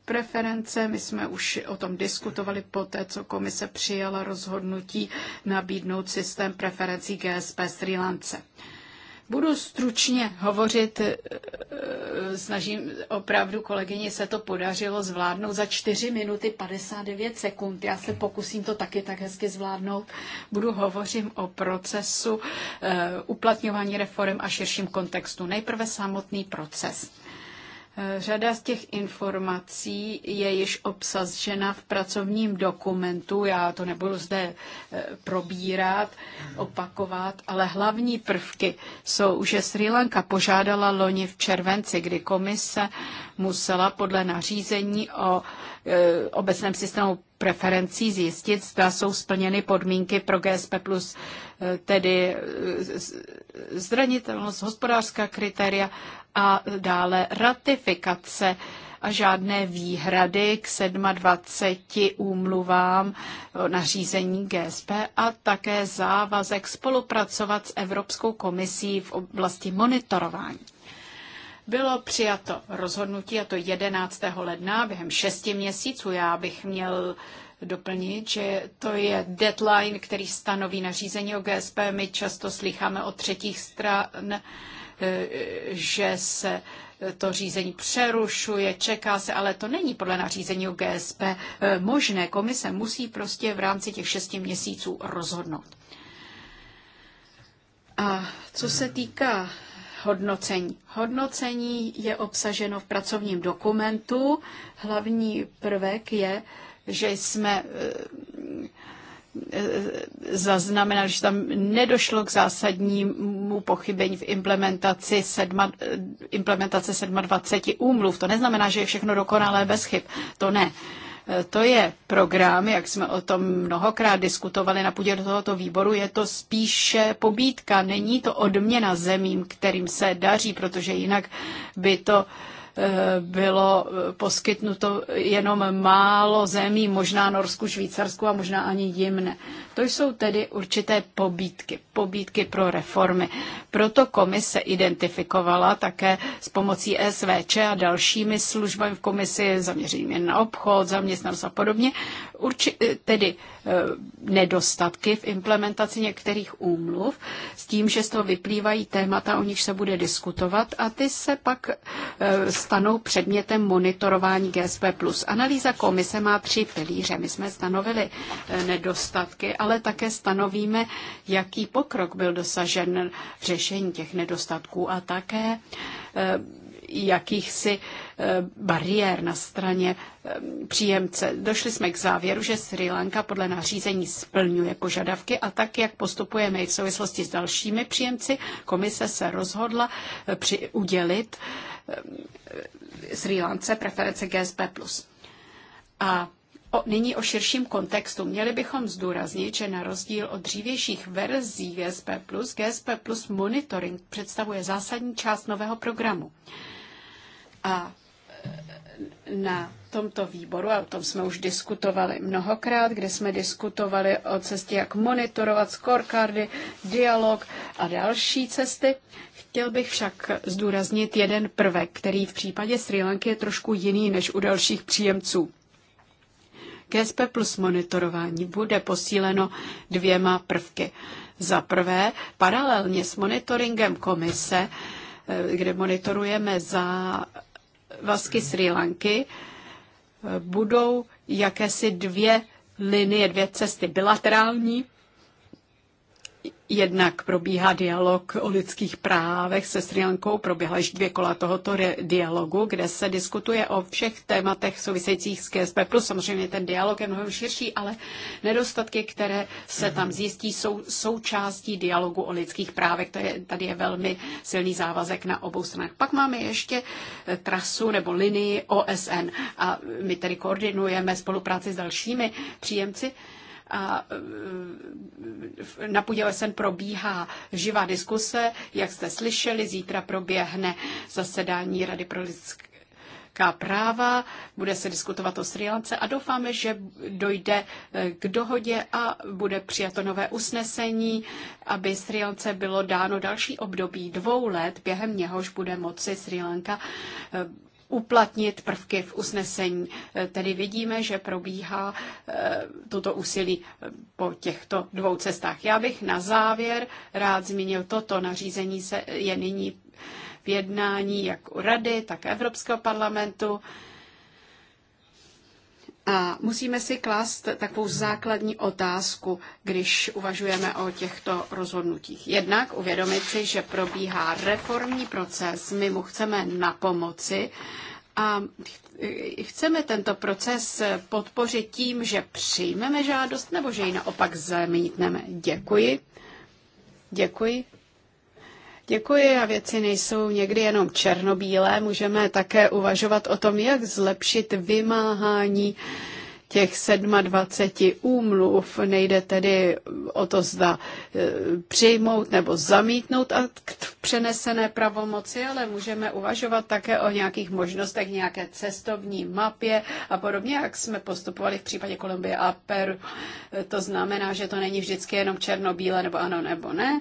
preference. My jsme už o tom diskutovali po té, co komise přijala rozhodnutí nabídnout systém preferencí GSP Sri Lance. Budu stručně hovořit, e, snažím opravdu kolegyni se to podařilo zvládnout za 4 minuty 59 sekund. Já se pokusím to taky tak hezky zvládnout. Budu hovořit o procesu e, uplatňování reform a širším kontextu. Nejprve samotný proces. Eh, řada z těch informací je již obsažena v pracovním dokumentu, já to nebudu zde eh, probírat, opakovat, ale hlavní prvky jsou, že Sri Lanka požádala loni v červenci, kdy komise musela podle nařízení o e, obecném systému preferencí zjistit, zda jsou splněny podmínky pro GSP+, e, tedy e, zranitelnost, hospodářská kritéria a dále ratifikace a žádné výhrady k 27 úmluvám nařízení GSP a také závazek spolupracovat s Evropskou komisí v oblasti monitorování. Bylo přijato rozhodnutí, a to 11. ledna, během šesti měsíců. Já bych měl doplnit, že to je deadline, který stanoví nařízení o GSP. My často slycháme od třetích stran, eh, že se to řízení přerušuje, čeká se, ale to není podle nařízení o GSP eh, možné. Komise musí prostě v rámci těch šesti měsíců rozhodnout. A co se týká hodnocení. Hodnocení je obsaženo v pracovním dokumentu. Hlavní prvek je, že jsme eh, eh, zaznamenali, že tam nedošlo k zásadnímu pochybení v implementaci, sedma, eh, implementace 27 úmluv. To neznamená, že je všechno dokonalé bez chyb. To ne. Eh, to je program, jak jsme o tom mnohokrát diskutovali na půdě tohoto výboru, je to spíše pobídka, není to odměna zemím, kterým se daří, protože jinak by to Eh, bylo eh, poskytnuto jenom málo zemí, možná Norsku, Švýcarsku a možná ani jim ne. To jsou tedy určité pobídky, pobídky pro reformy. Proto komise identifikovala také s pomocí SVČ a dalšími službami v komisi zaměřenými na obchod, zaměstnanost a podobně urči, eh, tedy eh, nedostatky v implementaci některých úmluv s tím, že z toho vyplývají témata, o nich se bude diskutovat a ty se pak eh, stanou předmětem monitorování GSP+. Analýza komise má tři pilíře. My jsme stanovili nedostatky, ale také stanovíme, jaký pokrok byl dosažen v řešení těch nedostatků a také jakýchsi si bariér na straně eh, příjemce. Došli jsme k závěru, že Sri Lanka podle nařízení splňuje požadavky a tak, jak postupujeme i v souvislosti s dalšími příjemci, komise se rozhodla eh, při, udělit eh, Sri Lance preference GSP+. A O, nyní o širším kontextu. Měli bychom zdůraznit, že na rozdíl od dřívějších verzí GSP+, GSP monitoring představuje zásadní část nového programu. A na tomto výboru, a o tom jsme už diskutovali mnohokrát, kde jsme diskutovali o cestě, jak monitorovat scorecardy, dialog a další cesty. Chtěl bych však zdůraznit jeden prvek, který v případě Sri Lanky je trošku jiný než u dalších příjemců. GSP plus monitorování bude posíleno dvěma prvky. Za prvé, paralelně s monitoringem komise, eh, kde monitorujeme za Vasky Sri Lanky eh, budou jakési dvě linie, dvě cesty bilaterální Jednak probíhá dialog o lidských právech se Sri Lankou, proběhla již dvě kola tohoto dialogu, kde se diskutuje o všech tématech souvisejících s Plus, Samozřejmě ten dialog je mnohem širší, ale nedostatky, které se tam zjistí, jsou součástí dialogu o lidských právech. To je, tady je velmi silný závazek na obou stranách. Pak máme ještě eh, trasu nebo linii OSN a my tedy koordinujeme spolupráci s dalšími příjemci a e, na půdě OSN probíhá živá diskuse, jak jste slyšeli, zítra proběhne zasedání Rady pro lidské lidská práva, bude se diskutovat o Sri Lance a doufáme, že dojde e, k dohodě a bude přijato nové usnesení, aby Sri Lance bylo dáno další období dvou let, během něhož bude moci Sri Lanka e, uplatnit prvky v usnesení. Eh, Tedy vidíme, že probíhá eh, toto úsilí eh, po těchto dvou cestách. Já bych na závěr rád zmínil toto nařízení se je nyní v jednání jak u Rady, tak Evropského parlamentu. A musíme si klást takovou základní otázku, když uvažujeme o těchto rozhodnutích. Jednak uvědomit si, že probíhá reformní proces, my mu chceme na pomoci a chceme tento proces podpořit tím, že přijmeme žádost nebo že ji naopak zamítneme. Děkuji. Děkuji. Děkuji a věci nejsou někdy jenom černobílé. Můžeme také uvažovat o tom, jak zlepšit vymáhání těch 27 úmluv. Nejde tedy o to, zda e, přijmout nebo zamítnout akt v přenesené pravomoci, ale můžeme uvažovat také o nějakých možnostech, nějaké cestovní mapě a podobně, jak jsme postupovali v případě Kolumbie a Peru. E, to znamená, že to není vždycky jenom černobílé nebo ano nebo ne.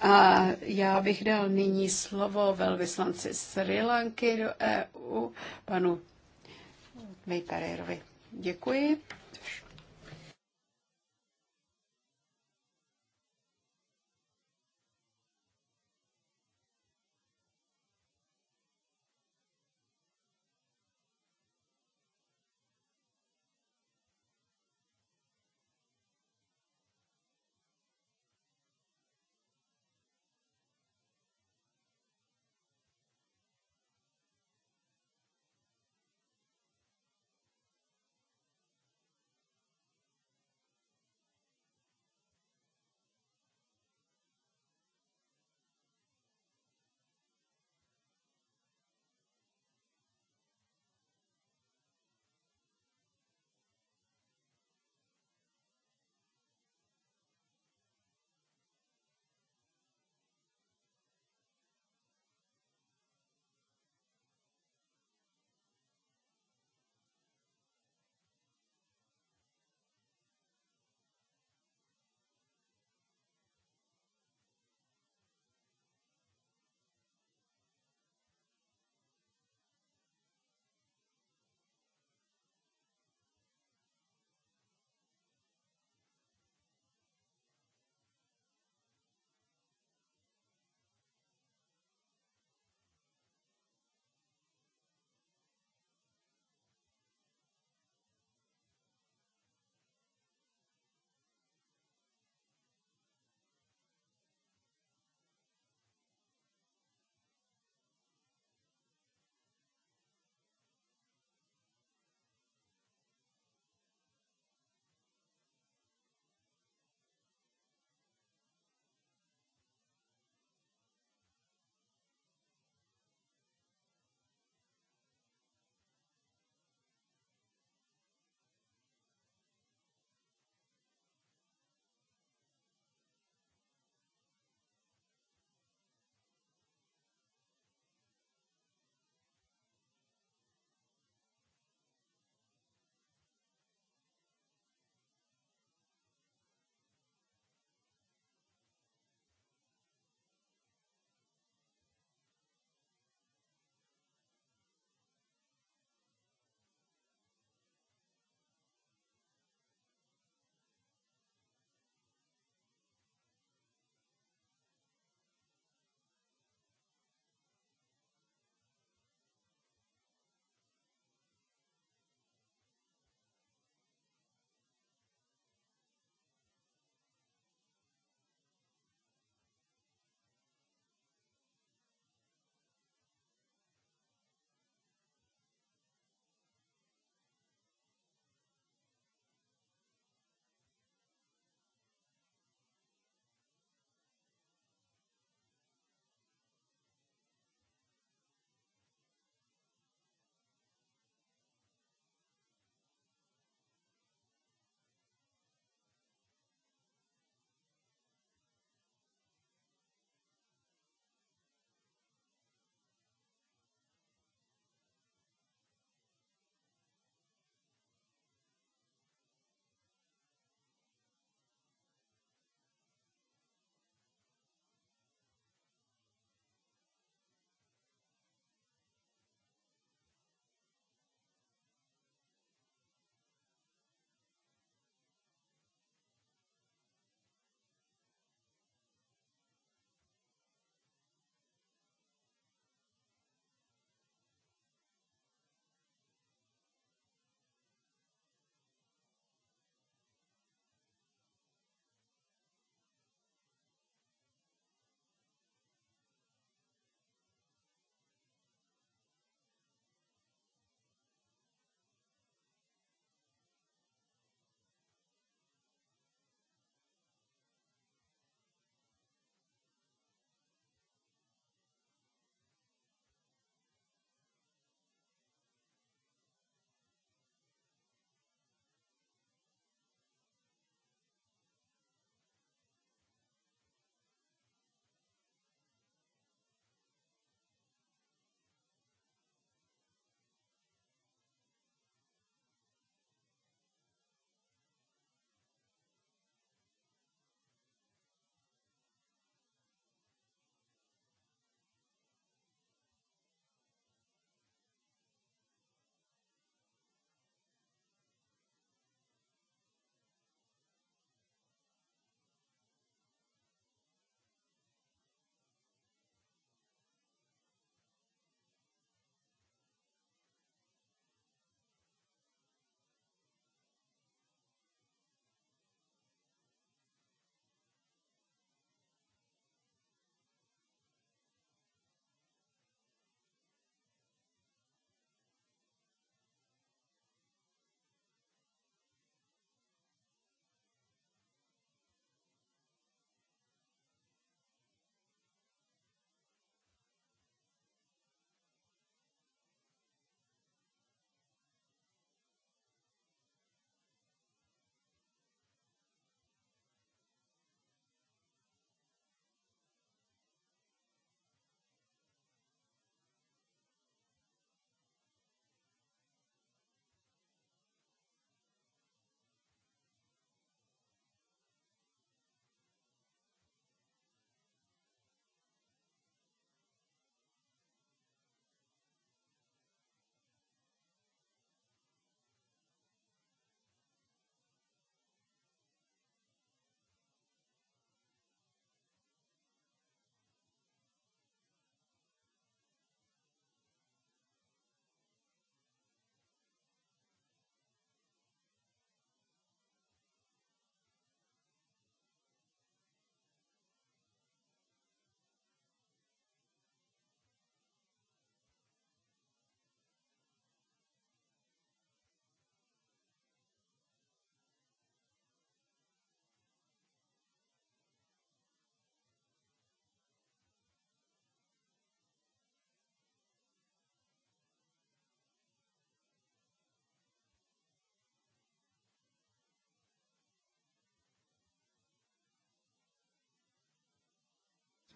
A já bych dal nyní slovo velvyslanci Sri Lanky do EU, panu Vejperejrovi. Děkuji.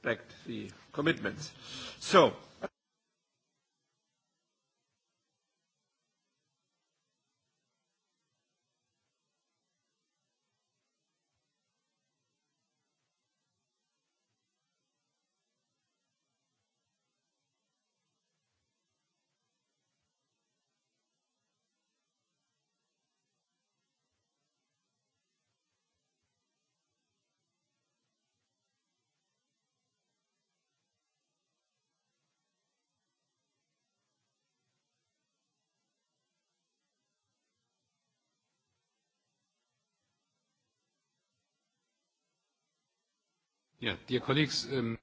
respect the commitments. So, Yeah, dear colleagues, um...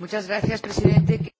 Muchas gracias, presidente.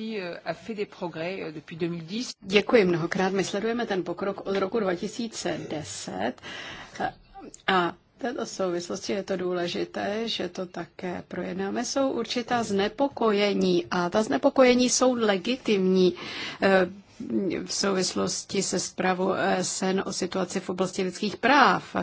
Euh, euh, Děkuji mnohokrát. My sledujeme ten pokrok od roku 2010 a této souvislosti je to důležité, že to také projednáme. Jsou určitá znepokojení a ta znepokojení jsou legitimní eh, v souvislosti se zprávou SN o situaci v oblasti lidských práv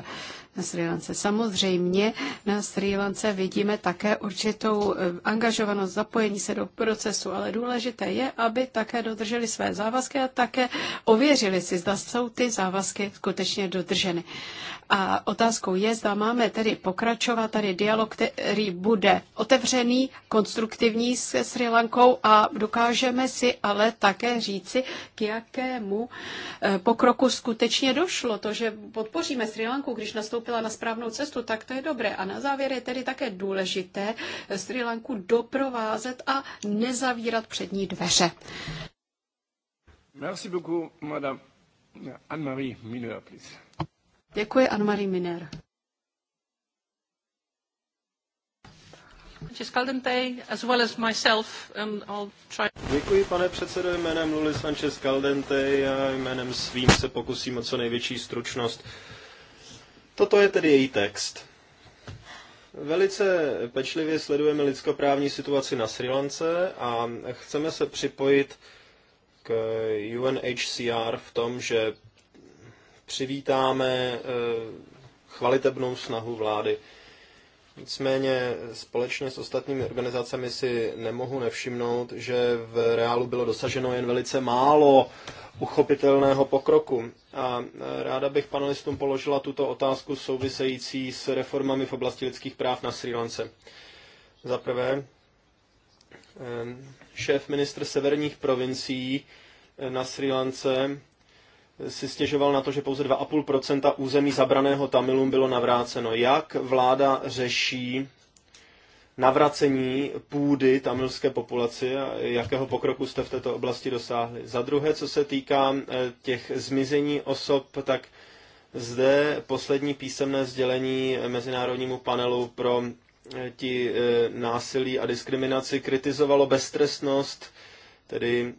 na Sri Lance. Samozřejmě na Sri Lance vidíme také určitou eh, angažovanost, zapojení se do procesu, ale důležité je, aby také dodrželi své závazky a také ověřili si, zda jsou ty závazky skutečně dodrženy. A otázkou je, zda máme tedy pokračovat tady dialog, který bude otevřený, konstruktivní se Sri Lankou a dokážeme si ale také říci, k jakému eh, pokroku skutečně došlo. To, že podpoříme Sri Lanku, když nastoupí nastoupila na správnou cestu, tak to je dobré. A na závěr je tedy také důležité Sri Lanku doprovázet a nezavírat přední dveře. Merci beaucoup, madame Anne-Marie Miner, please. Děkuji, Anne-Marie Miner. Um, Děkuji, pane předsedo, jménem Luli Sanchez Caldente a jménem svým se pokusím o co největší stručnost. Toto je tedy její text. Velice pečlivě sledujeme lidskoprávní situaci na Sri Lance a chceme se připojit k UNHCR v tom, že přivítáme eh, chvalitebnou snahu vlády Nicméně společně s ostatními organizacemi si nemohu nevšimnout, že v reálu bylo dosaženo jen velice málo uchopitelného pokroku. A e, ráda bych panelistům položila tuto otázku související s reformami v oblasti lidských práv na Sri Lance. Za prvé, e, šéf ministr severních provincií na Sri Lance si stěžoval na to, že pouze 2,5% území zabraného Tamilům bylo navráceno. Jak vláda řeší navracení půdy tamilské populaci a jakého pokroku jste v této oblasti dosáhli? Za druhé, co se týká eh, těch zmizení osob, tak zde poslední písemné sdělení Mezinárodnímu panelu pro eh, ti eh, násilí a diskriminaci kritizovalo beztrestnost, tedy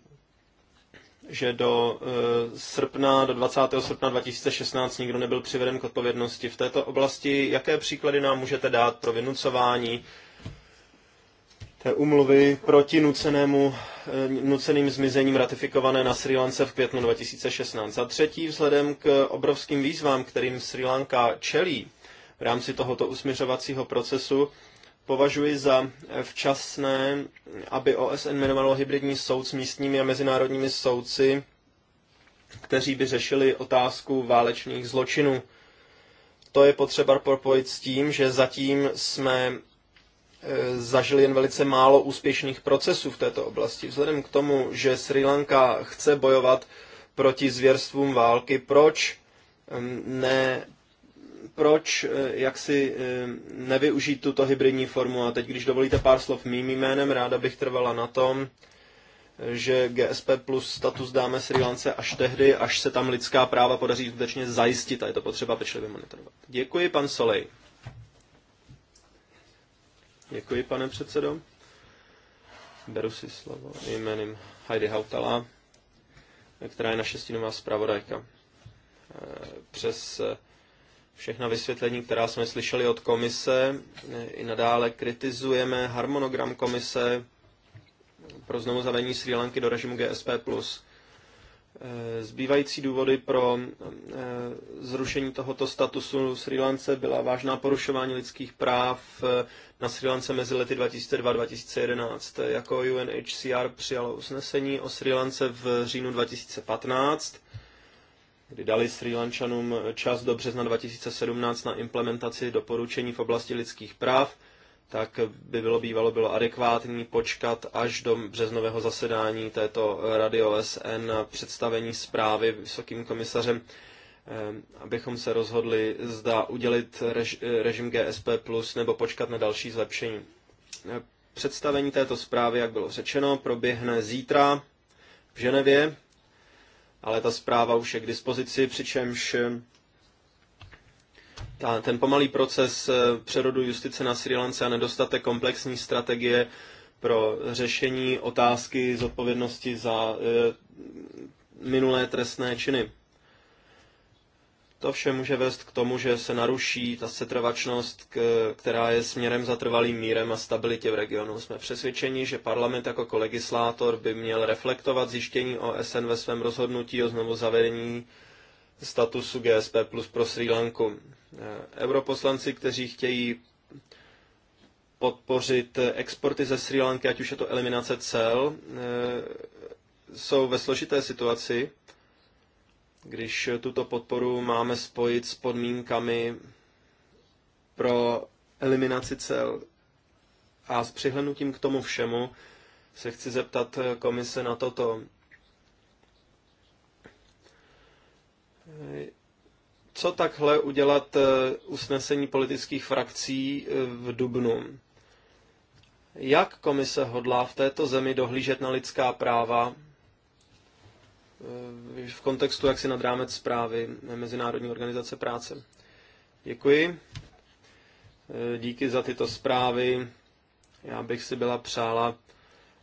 že do eh, srpna, do 20. srpna 2016 nikdo nebyl přiveden k odpovědnosti v této oblasti. Jaké příklady nám můžete dát pro vynucování té umluvy proti nucenému, eh, nuceným zmizením ratifikované na Sri Lance v květnu 2016? Za třetí, vzhledem k obrovským výzvám, kterým Sri Lanka čelí v rámci tohoto usměřovacího procesu, považuji za včasné, aby OSN jmenovalo hybridní soud s místními a mezinárodními soudci, kteří by řešili otázku válečných zločinů. To je potřeba propojit s tím, že zatím jsme e, zažili jen velice málo úspěšných procesů v této oblasti. Vzhledem k tomu, že Sri Lanka chce bojovat proti zvěrstvům války, proč ne proč eh, jak si eh, nevyužít tuto hybridní formu. A teď, když dovolíte pár slov mým jménem, ráda bych trvala na tom, že GSP plus status dáme Sri Lance až tehdy, až se tam lidská práva podaří skutečně zajistit a je to potřeba pečlivě monitorovat. Děkuji, pan Solej. Děkuji, pane předsedo. Beru si slovo jménem Heidi Hautala, která je naše stínová zpravodajka. Eh, přes všechna vysvětlení, která jsme slyšeli od komise. I nadále kritizujeme harmonogram komise pro znovu zavení Sri Lanky do režimu GSP+. Eh, zbývající důvody pro eh, zrušení tohoto statusu Sri Lance byla vážná porušování lidských práv eh, na Sri Lance mezi lety 2002-2011. Jako UNHCR přijalo usnesení o Sri Lance v říjnu 2015 kdy dali Sri Lančanům čas do března 2017 na implementaci doporučení v oblasti lidských práv, tak by bylo bývalo bylo adekvátní počkat až do březnového zasedání této rady OSN na představení zprávy vysokým komisařem, eh, abychom se rozhodli, zda udělit rež, eh, režim GSP+, plus nebo počkat na další zlepšení. Eh, představení této zprávy, jak bylo řečeno, proběhne zítra v Ženevě ale ta zpráva už je k dispozici, přičemž eh, ta, ten pomalý proces eh, přerodu justice na Sri Lance a nedostatek komplexní strategie pro řešení otázky zodpovědnosti za e, minulé trestné činy. To vše může vést k tomu, že se naruší ta setrvačnost, která je směrem za trvalým mírem a stabilitě v regionu. Jsme přesvědčeni, že parlament jako kolegislátor by měl reflektovat zjištění OSN ve svém rozhodnutí o znovu zavedení statusu GSP plus pro Sri Lanku. Eh, europoslanci, kteří chtějí podpořit exporty ze Sri Lanky, ať už je to eliminace cel, eh, jsou ve složité situaci, když tuto podporu máme spojit s podmínkami pro eliminaci cel. A s přihlednutím k tomu všemu se chci zeptat komise na toto. Co takhle udělat eh, usnesení politických frakcí eh, v Dubnu? Jak komise hodlá v této zemi dohlížet na lidská práva Eh, v kontextu jaksi nad rámec zprávy Mezinárodní organizace práce. Děkuji. Eh, díky za tyto zprávy. Já bych si byla přála,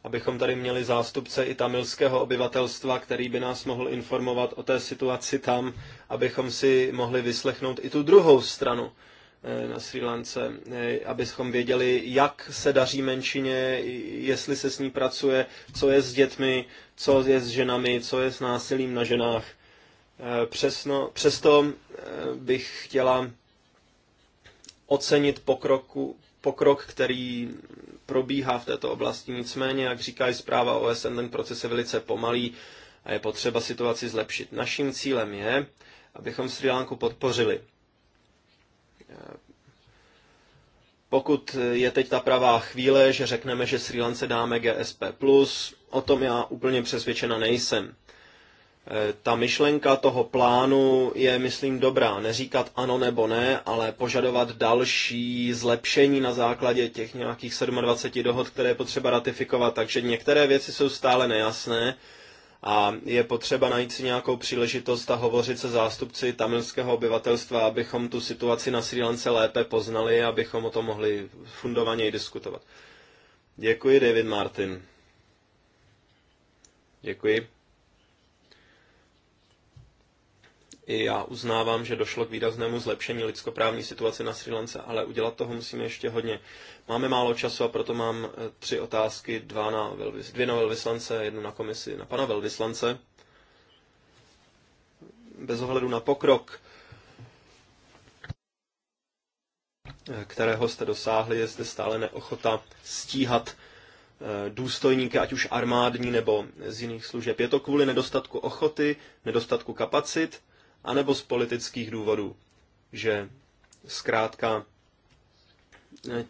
abychom tady měli zástupce i tamilského obyvatelstva, který by nás mohl informovat o té situaci tam, abychom si mohli vyslechnout i tu druhou stranu Eh, na Sri Lance, eh, abychom věděli, jak se daří menšině, jestli se s ní pracuje, co je s dětmi, co je s ženami, co je s násilím na ženách. Eh, přesno, přesto bych chtěla ocenit pokroku, pokrok, který probíhá v této oblasti. Nicméně, jak říká i zpráva OSN, ten proces je velice pomalý a je potřeba situaci zlepšit. Naším cílem je, abychom Sri Lanku podpořili pokud je teď ta pravá chvíle, že řekneme, že Sri Lance dáme GSP+, o tom já úplně přesvědčena nejsem. E, ta myšlenka toho plánu je, myslím, dobrá. Neříkat ano nebo ne, ale požadovat další zlepšení na základě těch nějakých 27 dohod, které je potřeba ratifikovat. Takže některé věci jsou stále nejasné a je potřeba najít si nějakou příležitost a hovořit se zástupci tamilského obyvatelstva, abychom tu situaci na Sri Lance lépe poznali, abychom o tom mohli fundovaněji diskutovat. Děkuji, David Martin. Děkuji. I já uznávám, že došlo k výraznému zlepšení lidskoprávní situace na Sri Lance, ale udělat toho musíme ještě hodně. Máme málo času a proto mám eh, tři otázky, dva na velvys- dvě na velvyslance, jednu na komisi na pana velvyslance. Bez ohledu na pokrok, eh, kterého jste dosáhli, je zde stále neochota stíhat eh, důstojníky, ať už armádní nebo z jiných služeb. Je to kvůli nedostatku ochoty, nedostatku kapacit, anebo z politických důvodů, že zkrátka eh,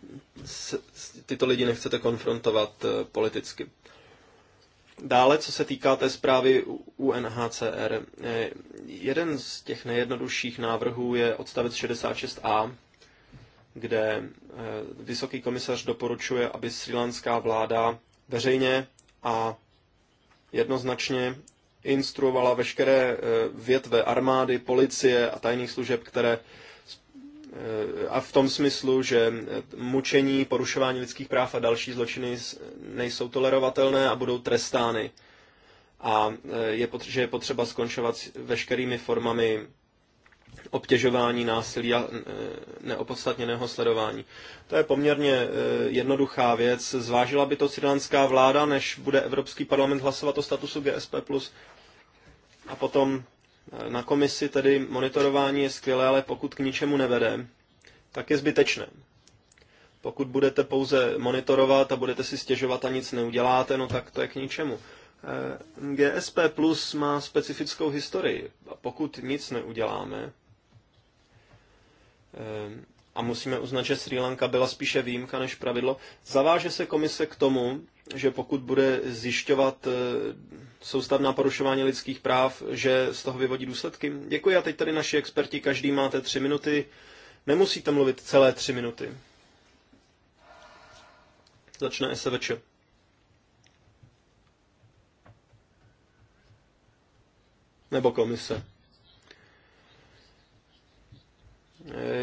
tyto lidi nechcete konfrontovat eh, politicky. Dále, co se týká té zprávy UNHCR, eh, jeden z těch nejjednodušších návrhů je odstavec 66a, kde vysoký komisař doporučuje, aby srílanská vláda veřejně a jednoznačně instruovala veškeré eh, větve armády, policie a tajných služeb, které eh, a v tom smyslu, že eh, mučení, porušování lidských práv a další zločiny nejsou tolerovatelné a budou trestány. A je potřeba, že je potřeba skončovat s veškerými formami obtěžování násilí a e, neopodstatněného sledování. To je poměrně e, jednoduchá věc. Zvážila by to sirlánská vláda, než bude Evropský parlament hlasovat o statusu GSP+. A potom e, na komisi tedy monitorování je skvělé, ale pokud k ničemu nevede, tak je zbytečné. Pokud budete pouze monitorovat a budete si stěžovat a nic neuděláte, no tak to je k ničemu. GSP Plus má specifickou historii. pokud nic neuděláme, Ehm, a musíme uznat, že Sri Lanka byla spíše výjimka než pravidlo, zaváže se komise k tomu, že pokud bude zjišťovat eh, soustavná porušování lidských práv, že z toho vyvodí důsledky. Děkuji a teď tady naši experti, každý máte tři minuty. Nemusíte mluvit celé tři minuty. Začne SVČ. Nebo komise.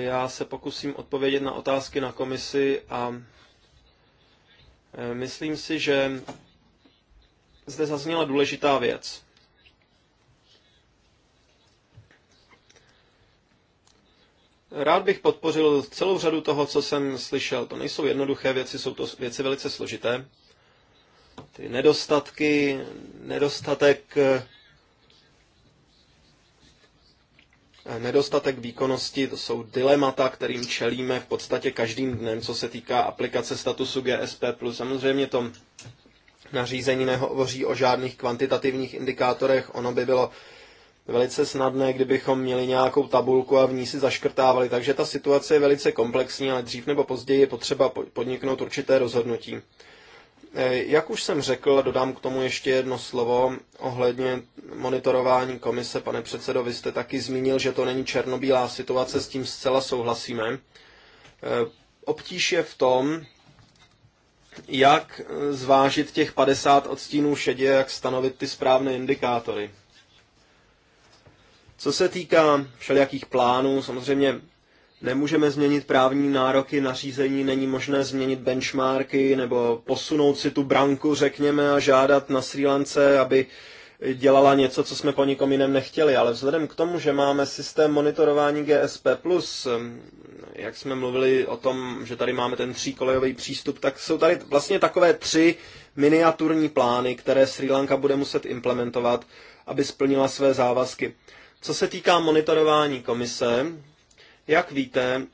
Já se pokusím odpovědět na otázky na komisi a e, myslím si, že zde zazněla důležitá věc. Rád bych podpořil celou řadu toho, co jsem slyšel. To nejsou jednoduché věci, jsou to věci velice složité. Ty nedostatky, nedostatek Eh, nedostatek výkonnosti, to jsou dilemata, kterým čelíme v podstatě každým dnem, co se týká aplikace statusu GSP+. Samozřejmě to nařízení nehovoří o žádných kvantitativních indikátorech, ono by bylo velice snadné, kdybychom měli nějakou tabulku a v ní si zaškrtávali. Takže ta situace je velice komplexní, ale dřív nebo později je potřeba podniknout určité rozhodnutí. Eh, jak už jsem řekl, dodám k tomu ještě jedno slovo ohledně monitorování komise. Pane předsedo, vy jste taky zmínil, že to není černobílá situace, s tím zcela souhlasíme. Eh, obtíž je v tom, jak zvážit těch 50 odstínů šedě, jak stanovit ty správné indikátory. Co se týká všelijakých plánů, samozřejmě Nemůžeme změnit právní nároky, na řízení, není možné změnit benchmarky nebo posunout si tu branku, řekněme, a žádat na Sri Lance, aby dělala něco, co jsme po nikom jiném nechtěli. Ale vzhledem k tomu, že máme systém monitorování GSP+, mm, jak jsme mluvili o tom, že tady máme ten tříkolejový přístup, tak jsou tady vlastně takové tři miniaturní plány, které Sri Lanka bude muset implementovat, aby splnila své závazky. Co se týká monitorování komise, jak víte,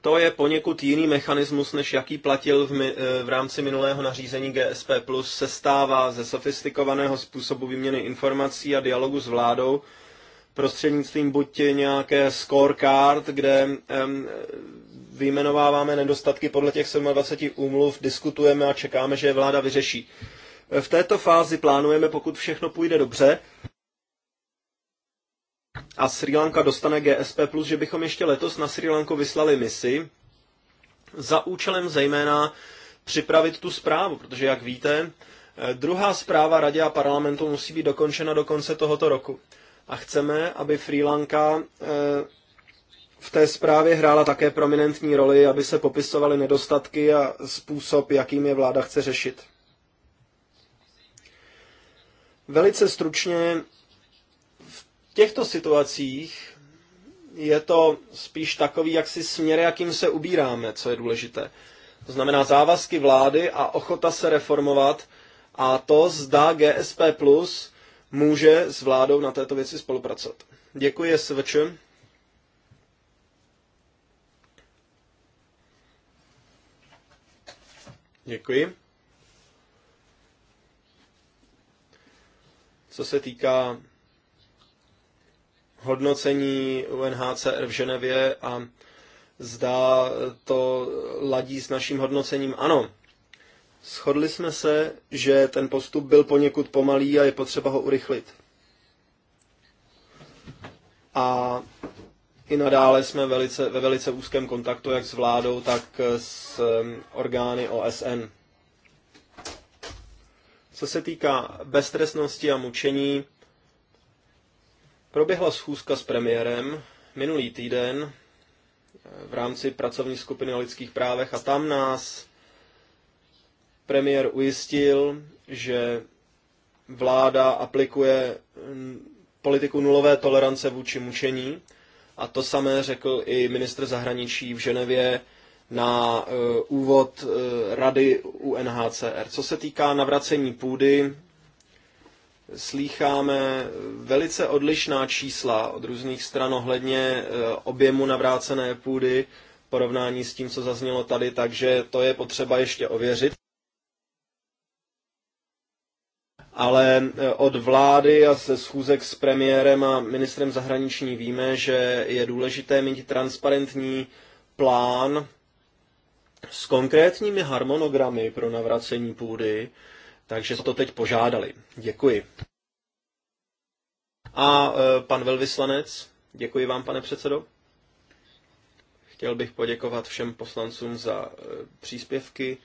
to je poněkud jiný mechanismus, než jaký platil v, mi, eh, v rámci minulého nařízení GSP+. Se stává ze sofistikovaného způsobu výměny informací a dialogu s vládou prostřednictvím buď nějaké scorecard, kde um, vyjmenováváme nedostatky podle těch 27 úmluv, diskutujeme a čekáme, že je vláda vyřeší. V této fázi plánujeme, pokud všechno půjde dobře, a Sri Lanka dostane GSP+, že bychom ještě letos na Sri Lanku vyslali misi za účelem zejména připravit tu zprávu, protože jak víte, eh, druhá zpráva Radě a parlamentu musí být dokončena do konce tohoto roku. A chceme, aby Sri Lanka eh, v té zprávě hrála také prominentní roli, aby se popisovaly nedostatky a způsob, jakým je vláda chce řešit. Velice stručně těchto situacích je to spíš takový jaksi směr, jakým se ubíráme, co je důležité. To znamená závazky vlády a ochota se reformovat a to zda GSP Plus může s vládou na této věci spolupracovat. Děkuji SVČ. Děkuji. Co se týká hodnocení UNHCR v Ženevě a zdá to ladí s naším hodnocením. Ano, shodli jsme se, že ten postup byl poněkud pomalý a je potřeba ho urychlit. A i nadále jsme velice, ve velice úzkém kontaktu jak s vládou, tak s um, orgány OSN. Co se týká beztresnosti a mučení, Proběhla schůzka s premiérem minulý týden eh, v rámci pracovní skupiny o lidských právech a tam nás premiér ujistil, že vláda aplikuje mm, politiku nulové tolerance vůči mučení a to samé řekl i ministr zahraničí v Ženevě na eh, úvod eh, rady UNHCR. Co se týká navracení půdy, slýcháme velice odlišná čísla od různých stran ohledně e, objemu navrácené půdy v porovnání s tím, co zaznělo tady, takže to je potřeba ještě ověřit. Ale e, od vlády a ze schůzek s premiérem a ministrem zahraniční víme, že je důležité mít transparentní plán s konkrétními harmonogramy pro navracení půdy, takže to teď požádali. Děkuji. A e, pan velvyslanec, děkuji vám, pane předsedo. Chtěl bych poděkovat všem poslancům za e, příspěvky.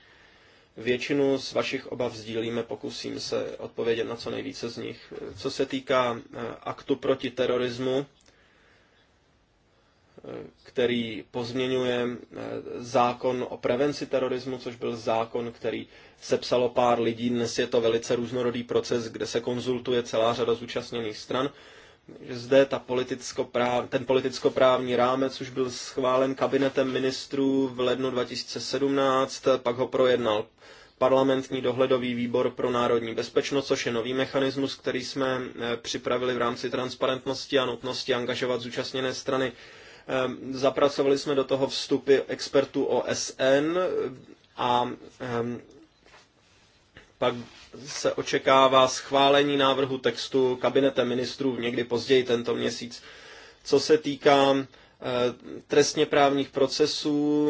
Většinu z vašich obav sdílíme, pokusím se odpovědět na co nejvíce z nich. Co se týká e, aktu proti terorismu, který pozměňuje zákon o prevenci terorismu, což byl zákon, který sepsalo pár lidí. Dnes je to velice různorodý proces, kde se konzultuje celá řada zúčastněných stran. Zde ta politicko-práv, ten právní rámec už byl schválen kabinetem ministrů v lednu 2017, pak ho projednal parlamentní dohledový výbor pro národní bezpečnost, což je nový mechanismus, který jsme eh, připravili v rámci transparentnosti a nutnosti angažovat zúčastněné strany. Eh, zapracovali jsme do toho vstupy expertů OSN a eh, pak se očekává schválení návrhu textu kabinetem ministrů někdy později tento měsíc. Co se týká eh, trestně právních procesů,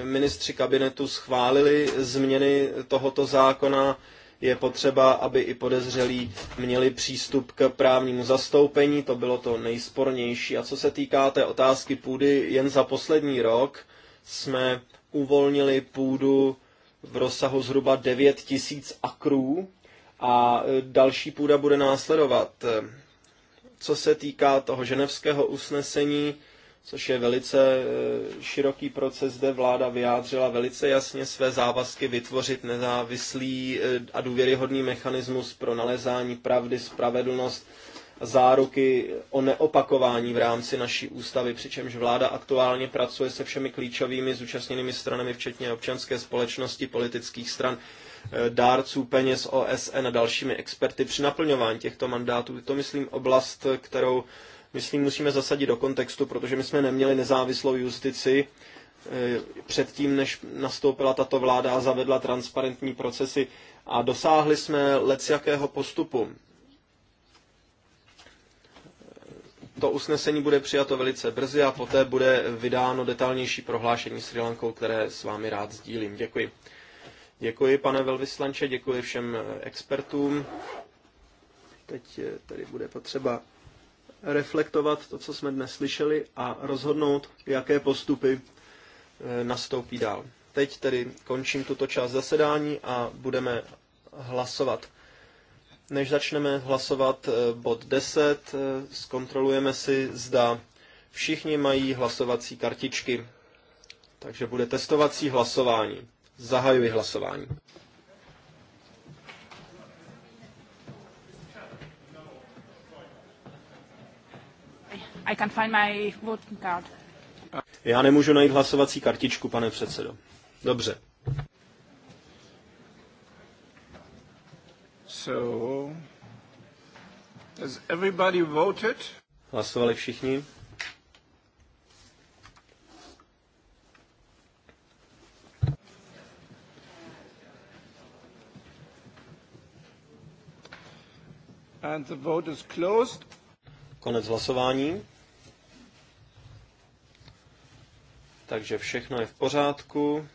eh, ministři kabinetu schválili změny tohoto zákona. Je potřeba, aby i podezřelí měli přístup k právnímu zastoupení, to bylo to nejspornější. A co se týká té otázky půdy, jen za poslední rok jsme uvolnili půdu v rozsahu zhruba 9 tisíc akrů a e, další půda bude následovat. E, co se týká toho ženevského usnesení, což je velice e, široký proces, zde vláda vyjádřila velice jasně své závazky vytvořit nezávislý a důvěryhodný mechanismus pro nalezání pravdy, spravedlnost záruky o neopakování v rámci naší ústavy, přičemž vláda aktuálně pracuje se všemi klíčovými zúčastněnými stranami, včetně občanské společnosti, politických stran, eh, dárců peněz OSN a dalšími experty při naplňování těchto mandátů. Je to, myslím, oblast, kterou, myslím, musíme zasadit do kontextu, protože my jsme neměli nezávislou justici, eh, předtím, než nastoupila tato vláda a zavedla transparentní procesy a dosáhli jsme jakého postupu. To usnesení bude přijato velice brzy a poté bude vydáno detailnější prohlášení Sri Lankou, které s vámi rád sdílím. Děkuji. Děkuji, pane velvyslanče, děkuji všem expertům. Teď tady bude potřeba reflektovat to, co jsme dnes slyšeli a rozhodnout, jaké postupy eh, nastoupí dál. Teď tedy končím tuto část zasedání a budeme hlasovat. Než začneme hlasovat eh, bod 10, eh, zkontrolujeme si, zda všichni mají hlasovací kartičky. Takže bude testovací hlasování. Zahajuji hlasování. I can find my voting card. Já nemůžu najít hlasovací kartičku, pane předsedo. Dobře. So, has everybody voted? Hlasovali všichni? And the vote is closed. Konec hlasování. Takže všechno je v pořádku.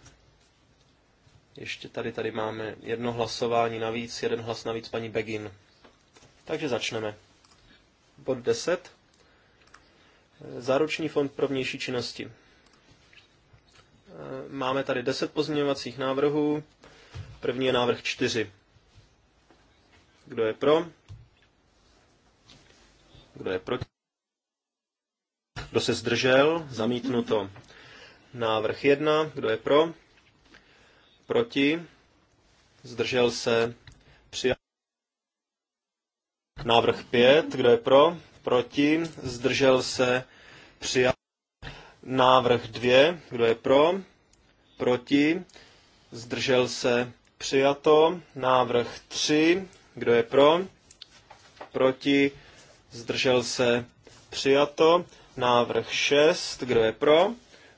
Ještě tady, tady máme jedno hlasování navíc, jeden hlas navíc paní Begin. Takže začneme. Bod 10. Záruční fond pro vnější činnosti. Eh, máme tady 10 pozměňovacích návrhů. První je návrh 4. Kdo je pro? Kdo je proti? Kdo se zdržel? Zamítnuto. Návrh 1. Kdo je pro? Proti? Zdržel se? přijal. Návrh 5. Kdo je pro? Proti? Zdržel se? přijal. Návrh 2. Kdo je pro? Proti? Zdržel se? Přijato. Návrh 3. Kdo je pro? Proti? Zdržel se? Přijato. Návrh 6. Kdo je pro?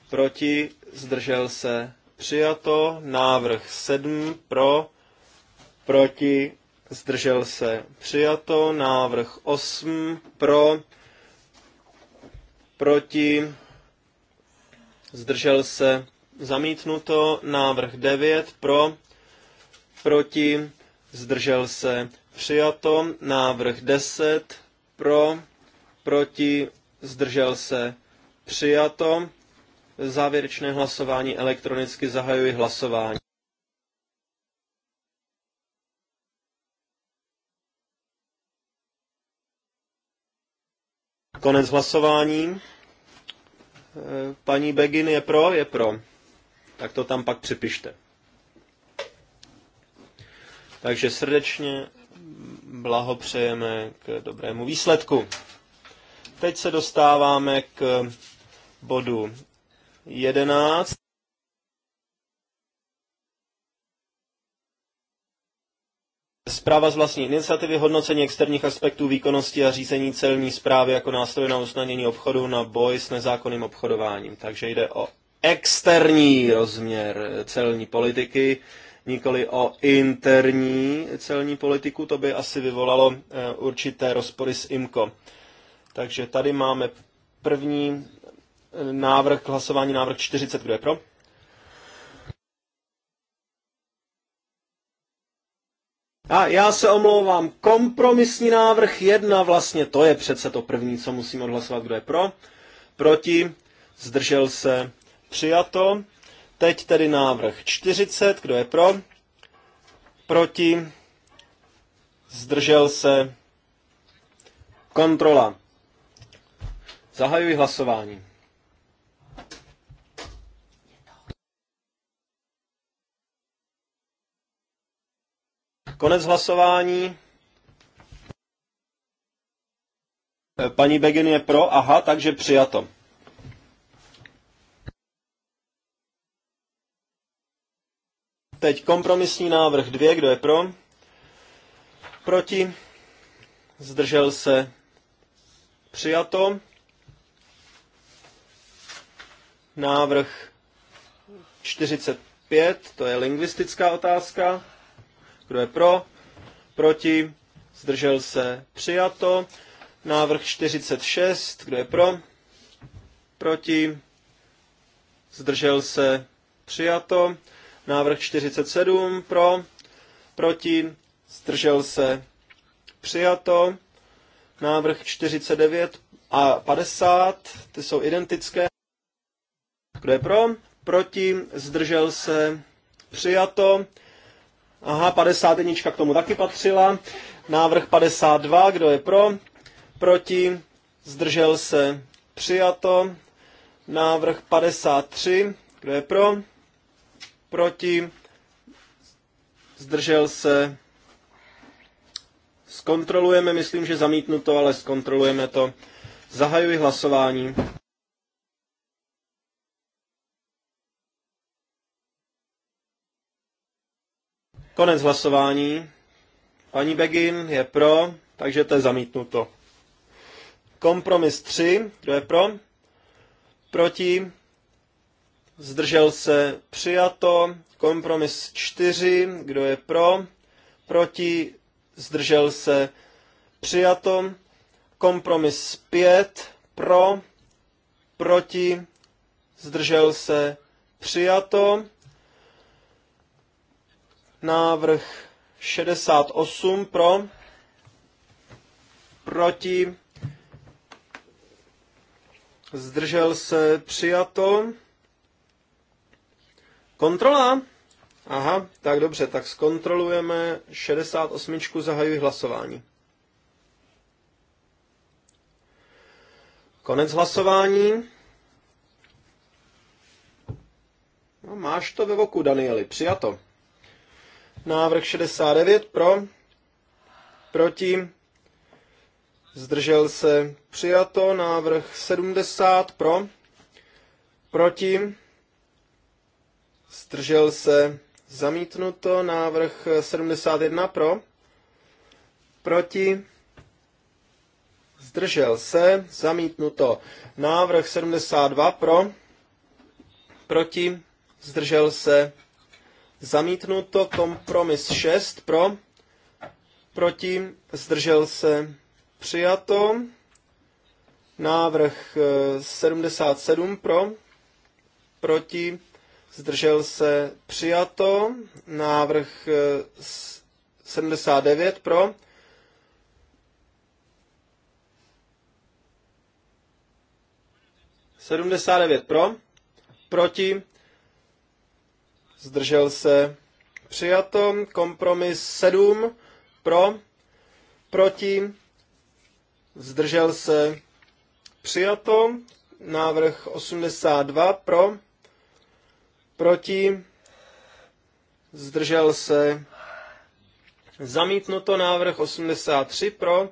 Proti? Zdržel se? přijato, návrh 7 pro, proti, zdržel se, přijato, návrh 8 pro, proti, zdržel se, zamítnuto, návrh 9 pro, proti, zdržel se, přijato, návrh 10 pro, proti, zdržel se, přijato, Závěrečné hlasování elektronicky zahajuji hlasování. Konec hlasování. E, paní Begin je pro? Je pro. Tak to tam pak připište. Takže srdečně blahopřejeme k dobrému výsledku. Teď se dostáváme k bodu 11. Zpráva z vlastní iniciativy, hodnocení externích aspektů výkonnosti a řízení celní zprávy jako nástroje na usnadnění obchodu na boj s nezákonným obchodováním. Takže jde o externí rozměr celní politiky, nikoli o interní celní politiku, to by asi vyvolalo eh, určité rozpory s IMCO. Takže tady máme první návrh k hlasování, návrh 40, kdo je pro? A já se omlouvám, kompromisní návrh 1, vlastně to je přece to první, co musím odhlasovat, kdo je pro. Proti, zdržel se, přijato. Teď tedy návrh 40, kdo je pro? Proti, zdržel se, kontrola. Zahajuji hlasování. Konec hlasování. Paní Begin je pro, aha, takže přijato. Teď kompromisní návrh dvě, kdo je pro? Proti? Zdržel se? Přijato. Návrh 45, to je lingvistická otázka. Kdo je pro? Proti? Zdržel se? Přijato. Návrh 46. Kdo je pro? Proti? Zdržel se? Přijato. Návrh 47. Pro? Proti? Zdržel se? Přijato. Návrh 49 a 50. Ty jsou identické. Kdo je pro? Proti? Zdržel se? Přijato. Aha, 51 k tomu taky patřila. Návrh 52, kdo je pro? Proti? Zdržel se? Přijato. Návrh 53, kdo je pro? Proti? Zdržel se? Zkontrolujeme, myslím, že zamítnuto, ale zkontrolujeme to. Zahajuji hlasování. Konec hlasování. Paní Begin je pro, takže to je zamítnuto. Kompromis 3, kdo je pro? Proti? Zdržel se přijato. Kompromis 4, kdo je pro? Proti? Zdržel se přijato. Kompromis 5, pro? Proti? Zdržel se přijato. Návrh 68 pro, proti, zdržel se, přijato. Kontrola? Aha, tak dobře, tak zkontrolujeme 68. zahajuji hlasování. Konec hlasování. No, máš to ve voku, Danieli, přijato. Návrh 69 pro, proti, zdržel se, přijato. Návrh 70 pro, proti, zdržel se, zamítnuto. Návrh 71 pro, proti, zdržel se, zamítnuto. Návrh 72 pro, proti, zdržel se, Zamítnuto kompromis 6 pro, proti, zdržel se, přijato. Návrh 77 eh, pro, proti, zdržel se, přijato. Návrh 79 eh, pro, Sedmdesát devět pro, proti, zdržel se, přijato. Kompromis 7 pro, proti, zdržel se, přijato. Návrh 82 pro, proti, zdržel se, zamítnuto. Návrh 83 pro,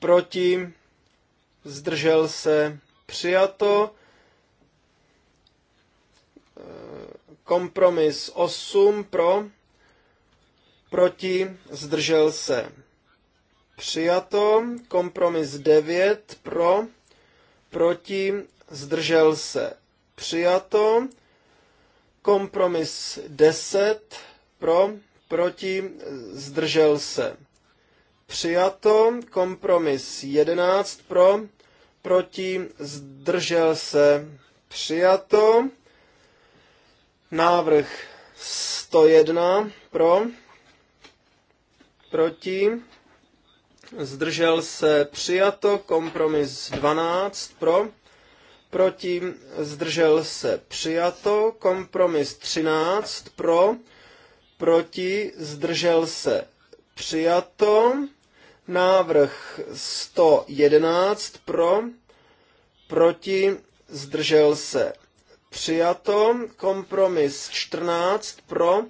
proti, zdržel se, přijato. Kompromis 8 pro, proti, zdržel se. Přijato. Kompromis 9 pro, proti, zdržel se. Přijato. Kompromis 10 pro, proti, zdržel se. Přijato. Kompromis 11 pro, proti, zdržel se. Přijato. Návrh 101 pro, proti, zdržel se přijato, kompromis 12 pro, proti, zdržel se přijato, kompromis 13 pro, proti, zdržel se přijato, návrh 111 pro, proti, zdržel se Přijato. Kompromis 14 pro.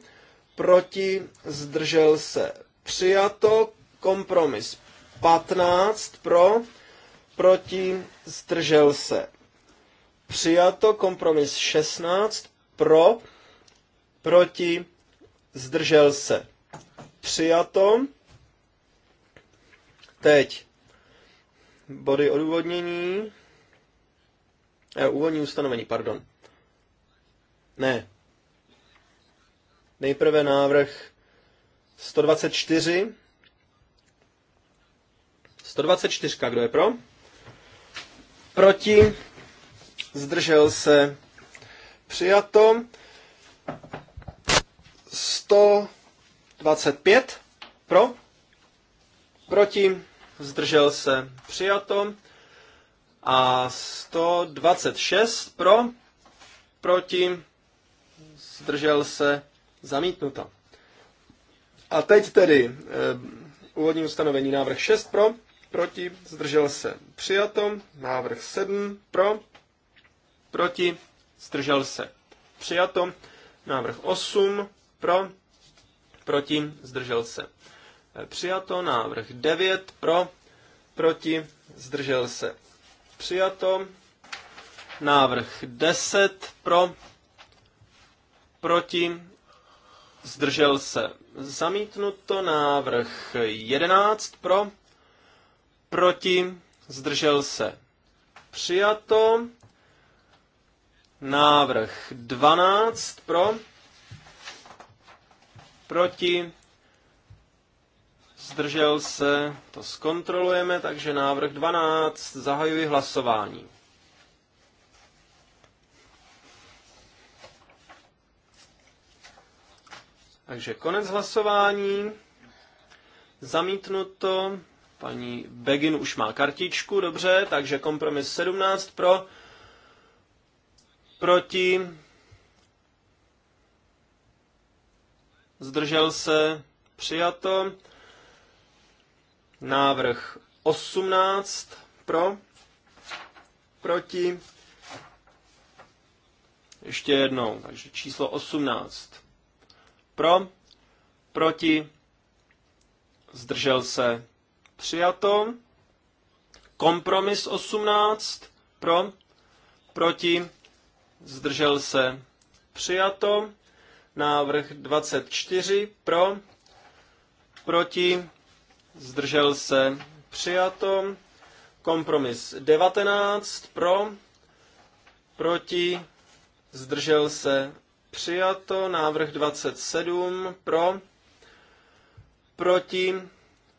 Proti. Zdržel se. Přijato. Kompromis 15 pro. Proti. Zdržel se. Přijato. Kompromis 16 pro. Proti. Zdržel se. Přijato. Teď body odůvodnění. Eh, úvodní ustanovení, pardon. Ne. Nejprve návrh 124. 124, kdo je pro? Proti? Zdržel se? Přijato. 125 pro? Proti? Zdržel se? Přijato. A 126 pro? Proti? zdržel se, zamítnuto. A teď tedy eh, úvodní ustanovení návrh 6 pro, proti, zdržel se, přijato, návrh 7 pro, proti, zdržel se, přijato, návrh 8 eh, pro, proti, zdržel se, přijato, návrh 9 pro, proti, zdržel se, přijato, návrh 10 pro, proti, zdržel se. Zamítnuto návrh 11 pro, proti, zdržel se. Přijato. Návrh 12 pro, proti, zdržel se, to zkontrolujeme, takže návrh 12, zahajuji hlasování. Takže konec hlasování. Zamítnuto. Paní Begin už má kartičku, dobře, takže kompromis 17 pro, proti, zdržel se, přijato, návrh 18 pro, proti, ještě jednou, takže číslo 18 pro, proti, zdržel se, přijato. Kompromis 18 pro, proti, zdržel se, přijato. Návrh 24 pro, proti, zdržel se, přijato. Kompromis 19 pro, proti, zdržel se, Přijato. Návrh 27 pro. Proti.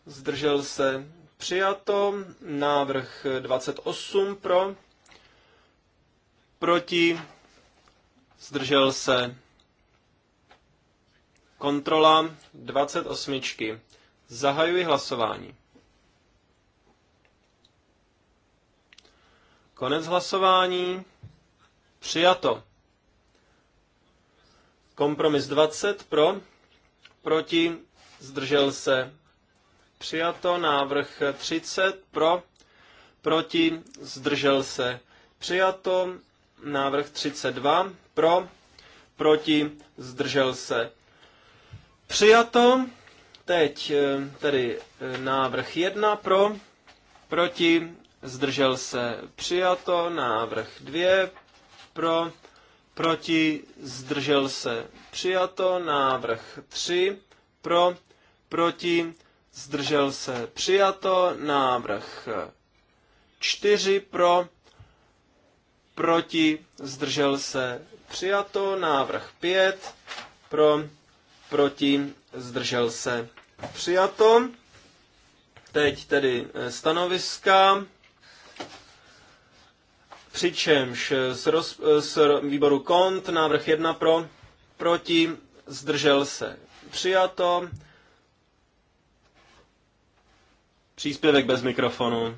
Zdržel se. Přijato. Návrh 28 pro. Proti. Zdržel se. Kontrola 28. Zahajuji hlasování. Konec hlasování. Přijato. Kompromis 20 pro, proti, zdržel se, přijato. Návrh 30 pro, proti, zdržel se, přijato. Návrh 32 pro, proti, zdržel se. Přijato. Teď eh, tedy eh, návrh 1 pro, proti, zdržel se přijato, návrh 2 pro, proti, zdržel se, přijato, návrh 3, pro, proti, zdržel se, přijato, návrh 4, pro, proti, zdržel se, přijato, návrh 5, pro, proti, zdržel se, přijato. Teď tedy stanoviska. Přičemž z, roz, z výboru KONT návrh 1 pro, proti, zdržel se. Přijato. Příspěvek bez mikrofonu.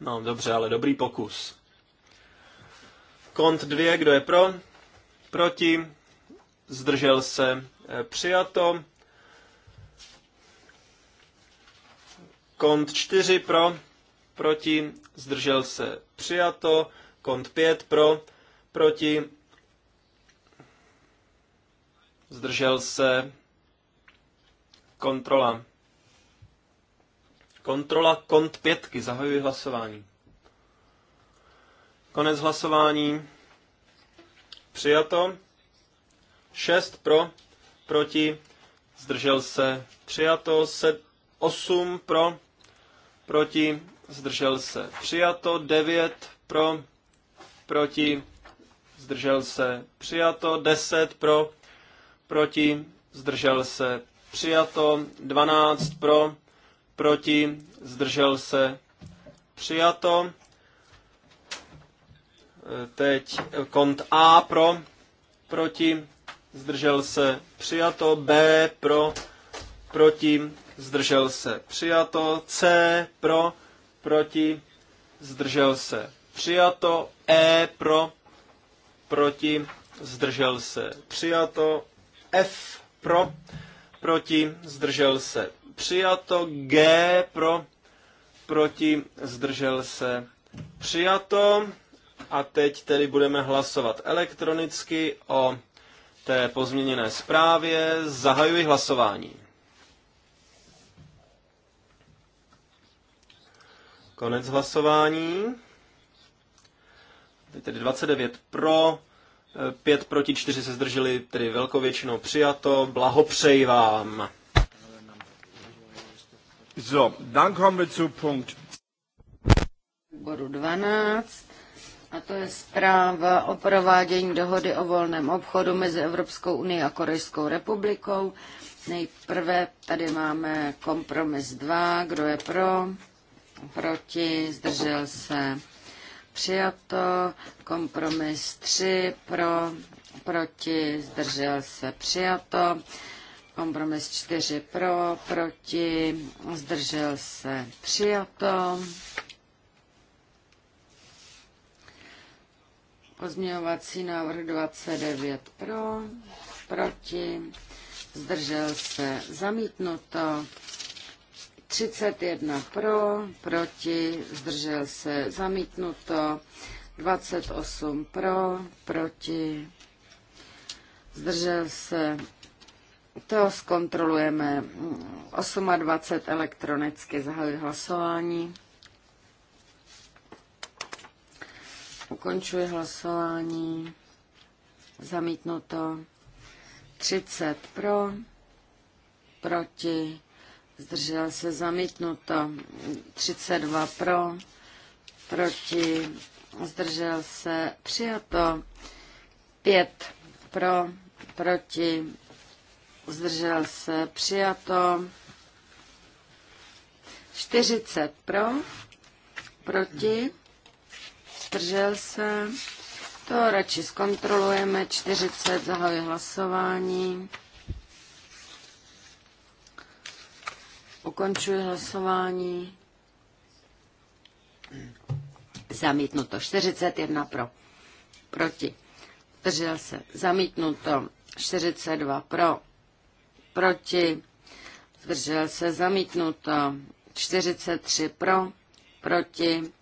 No, dobře, ale dobrý pokus. Kont 2, kdo je pro? Proti? Zdržel se? E, přijato. Kont 4 pro, proti, zdržel se přijato. Kont 5 pro, proti, zdržel se kontrola. Kontrola kont pětky, zahajuji hlasování. Konec hlasování. Přijato. 6 pro, proti, zdržel se. Přijato. 8 pro, proti, zdržel se přijato, 9 pro, proti, zdržel se přijato, 10 pro, proti, zdržel se přijato, 12 pro, proti, zdržel se přijato. E, teď kont A pro, proti, zdržel se přijato, B pro, proti, zdržel se, přijato. C pro, proti, zdržel se, přijato. E pro, proti, zdržel se, přijato. F pro, proti, zdržel se, přijato. G pro, proti, zdržel se, přijato. A teď tedy budeme hlasovat elektronicky o té pozměněné zprávě. Zahajuji hlasování. Konec hlasování. Teď tedy 29 pro, 5 eh, proti 4 se zdrželi, tedy velkou většinou přijato. Blahopřeji vám. So, dann kommen wir zu Punkt. Bodu 12. A to je zpráva o provádění dohody o volném obchodu mezi Evropskou unii a Korejskou republikou. Nejprve tady máme kompromis 2. Kdo je pro? proti, zdržel se přijato, kompromis 3 pro, proti, zdržel se přijato, kompromis 4 pro, proti, zdržel se přijato. Pozměňovací návrh 29 pro, proti, zdržel se zamítnuto. 31 pro, proti, zdržel se, zamítnuto. 28 pro, proti, zdržel se. To zkontrolujeme. 28 elektronicky zahajuji hlasování. Ukončuji hlasování. Zamítnuto. 30 pro, proti, zdržel se zamítnuto 32 pro, proti, zdržel se přijato 5 pro, proti, zdržel se přijato 40 pro, proti, zdržel se, to radši zkontrolujeme, 40 zahajuje hlasování. Ukončuji hlasování. Zamítnuto 41 pro. Proti. Držel se. Zamítnuto 42 pro. Proti. Zdržel se. Zamítnuto 43 pro. Proti.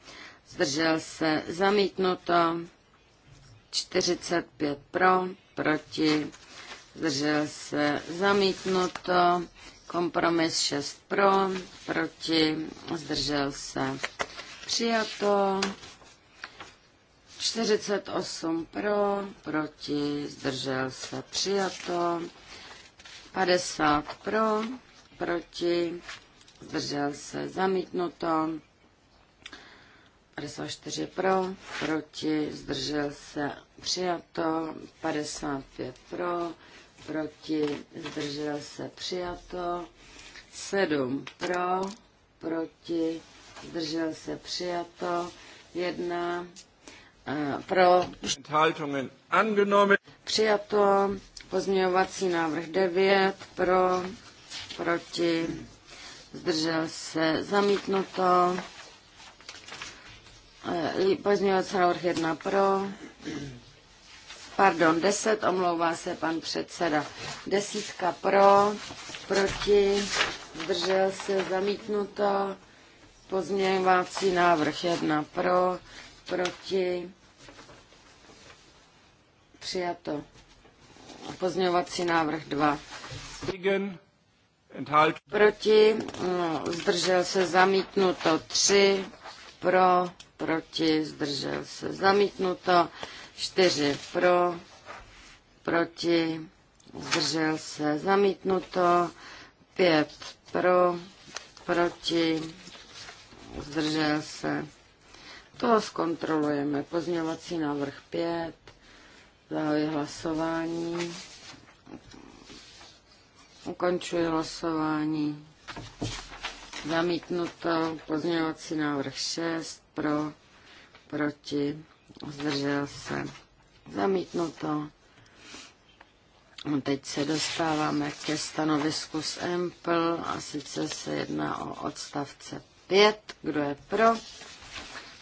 Zdržel se. Zamítnuto 45 pro. Proti. Zdržel se. Zamítnuto Kompromis 6 pro, proti, zdržel se. Přijato. 48 pro, proti, zdržel se. Přijato. 50 pro, proti, zdržel se. Zamítnuto. 54 pro, proti, zdržel se. Přijato. 55 pro, proti, zdržel se přijato, 7 pro, proti, zdržel se přijato, 1 pro, přijato, pozměňovací návrh 9 pro, proti, zdržel se zamítnuto, e, pozměňovací návrh 1 pro, Pardon, 10, omlouvá se pan předseda. Desítka pro, proti, zdržel se, zamítnuto. Pozměňovací návrh 1 pro, proti, přijato. Pozměňovací návrh 2. Proti, no, zdržel se, zamítnuto 3, pro, proti, zdržel se, zamítnuto. 4 pro, proti, zdržel se, zamítnuto, 5 pro, proti, zdržel se. To zkontrolujeme. Pozměňovací návrh 5, zahajuji hlasování, ukončuji hlasování, zamítnuto, pozměňovací návrh 6 pro, proti, zdržel se, zamítnuto. Teď se dostáváme ke stanovisku z Empl a sice se jedná o odstavce 5. Kdo je pro?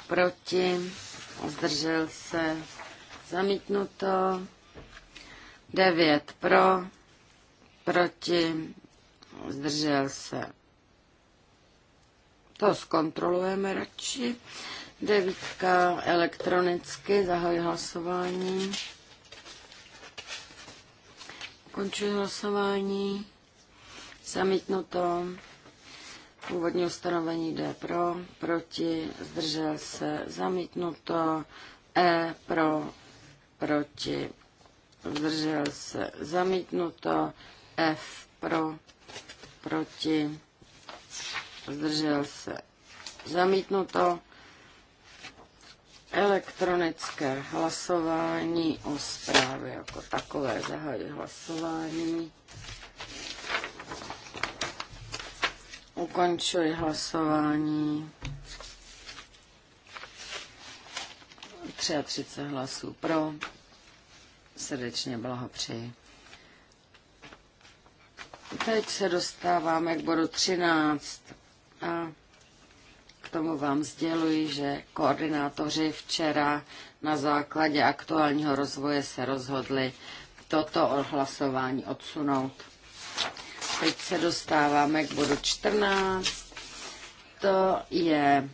Proti? Zdržel se? Zamítnuto? 9 pro? Proti? Zdržel se? To zkontrolujeme radši. Devítka elektronicky, zahaj hlasování. Končuji hlasování. Zamítnuto. Původní ustanovení D pro, proti, zdržel se, zamítnuto. E pro, proti, zdržel se, zamítnuto. F pro, proti, zdržel se, zamítnuto. Elektronické hlasování o zprávě jako takové. zahájí hlasování. Ukončuji hlasování. 33 hlasů pro. Srdečně blahopřeji. Teď se dostáváme k bodu 13. A tomu vám sděluji, že koordinátoři včera na základě aktuálního rozvoje se rozhodli toto odhlasování odsunout. Teď se dostáváme k bodu 14. To je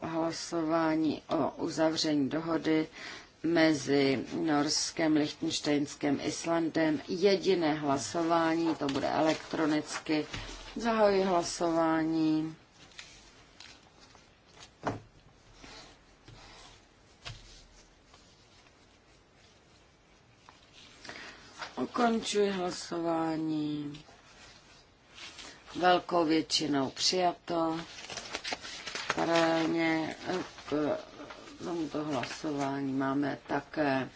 hlasování o uzavření dohody mezi Norskem, Lichtenštejnskem, Islandem. Jediné hlasování, to bude elektronicky, Zahajuji hlasování. Ukončuji hlasování. Velkou většinou přijato. Paralelně eh, k tomuto hlasování máme také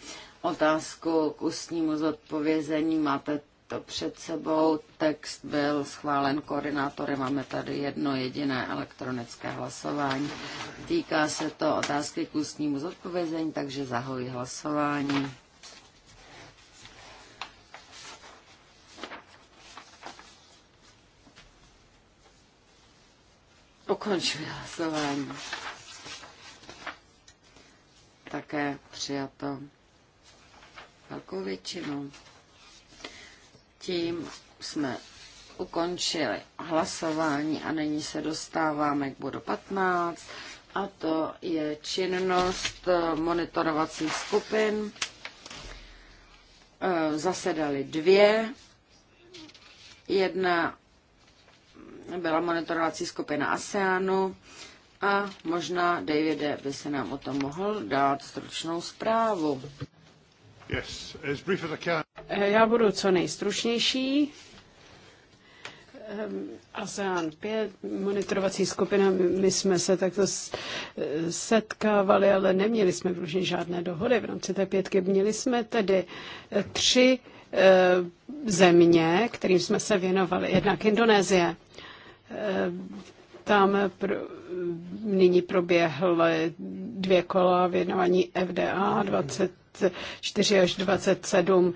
otázku k ústnímu zodpovězení. Máte to před sebou. Text byl schválen koordinátorem. Máme tady jedno jediné elektronické hlasování. Týká se to otázky k ústnímu zodpovězení, takže zahoji hlasování. Ukončuji hlasování. Také přijato velkou většinou. Tím jsme ukončili hlasování a nyní se dostáváme k bodu 15 a to je činnost eh, monitorovacích skupin. Eh, Zasedaly dvě. Jedna byla monitorovací skupina ASEANu a možná Davide by se nám o tom mohl dát stručnou zprávu. Yes, as brief as I can. Eh, já budu co nejstručnější. Ehm, ASEAN 5, monitorovací skupina, my jsme se takto eh, setkávali, ale neměli jsme vložně žádné dohody v rámci té pětky. Měli jsme tedy eh, tři země, kterým jsme se věnovali. Jednak Indonésie. Tam pro, nyní proběhly dvě kola věnovaní FDA 20 24 až 27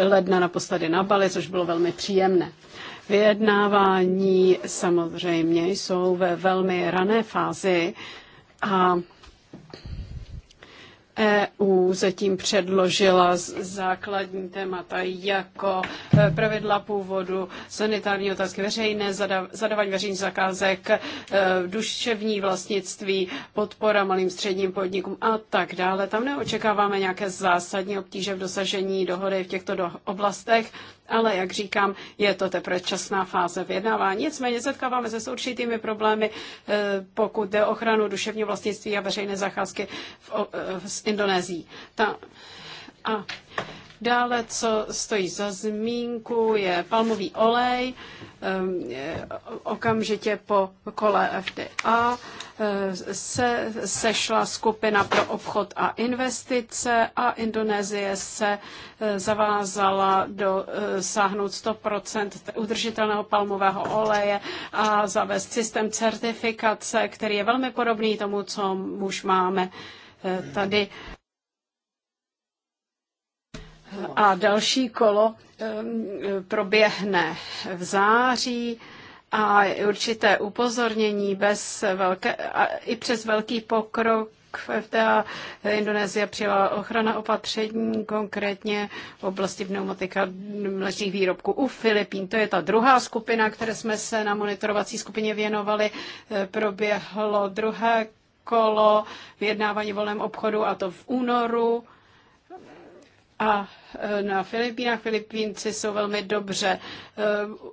ledna naposledy na Bali, což bylo velmi příjemné. Vyjednávání samozřejmě jsou ve velmi rané fázi a EU zatím předložila základní témata jako e, pravidla původu, sanitární otázky, veřejné zadávání veřejných zakázek, e, duševní vlastnictví, podpora malým středním podnikům a tak dále. Tam neočekáváme nějaké zásadní obtíže v dosažení dohody v těchto oblastech ale jak říkám, je to teprve časná fáze vyjednávání. Nicméně setkáváme se s určitými problémy, eh, pokud jde o ochranu duševního vlastnictví a veřejné zacházky v, eh, v, Indonésii. Ta, a Dále, co stojí za zmínku, je palmový olej ehm, okamžitě po kole FDA eh, se sešla skupina pro obchod a investice a Indonésie se eh, zavázala do eh, sáhnout 100% udržitelného palmového oleje a zavést systém certifikace, který je velmi podobný tomu, co už máme tady. A další kolo proběhne v září a určité upozornění bez velké, a i přes velký pokrok v FTA Indonésie přijala ochrana opatření, konkrétně v oblasti pneumatika mlečných výrobků u Filipín. To je ta druhá skupina, které jsme se na monitorovací skupině věnovali. E, proběhlo druhé kolo vyjednávání volném obchodu a to v únoru a e, na Filipínách Filipínci jsou velmi dobře e,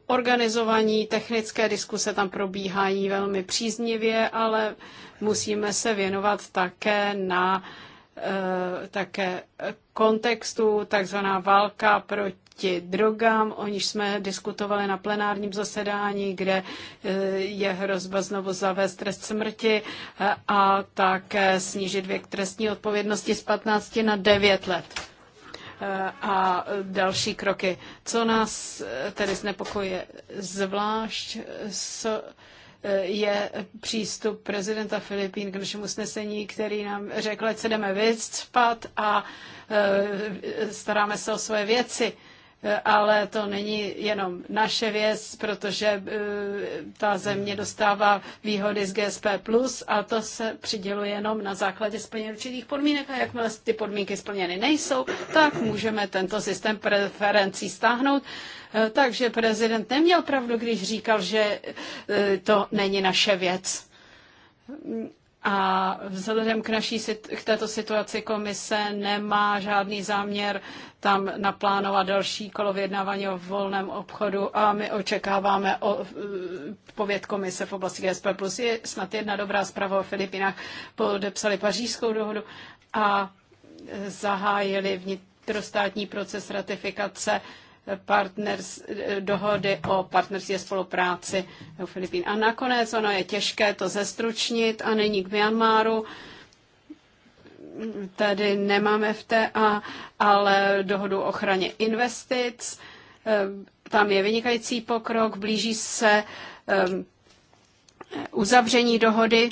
organizovaní, technické diskuse tam probíhají velmi příznivě, ale musíme se věnovat také na e, také kontextu, takzvaná válka proti drogám, o níž jsme diskutovali na plenárním zasedání, kde je hrozba znovu zavést trest smrti a také snížit věk trestní odpovědnosti z 15 na 9 let. Eh, a další kroky. Co nás eh, tedy znepokojuje zvlášť eh, je přístup prezidenta Filipín k našemu usnesení, který nám řekl, že se jdeme vyspat a staráme se o svoje věci ale to není jenom naše věc, protože eh, ta země dostává výhody z GSP+, a to se přiděluje jenom na základě splněných určitých podmínek a jakmile ty podmínky splněny nejsou, tak můžeme tento systém preferencí stáhnout. Eh, takže prezident neměl pravdu, když říkal, že eh, to není naše věc. A vzhledem k, naší, k této situaci komise nemá žádný záměr tam naplánovat další kolo vyjednávání o volném obchodu a my očekáváme o, pověd komise v oblasti GSP+. Plus je snad jedna dobrá zpráva o Filipinách. Podepsali pařížskou dohodu a zahájili vnitrostátní proces ratifikace partners, dohody o partnerské spolupráci u Filipín. A nakonec ono je těžké to zestručnit a není k Myanmaru. Tady nemáme a ale dohodu o ochraně investic. Eh, tam je vynikající pokrok, blíží se eh, uzavření dohody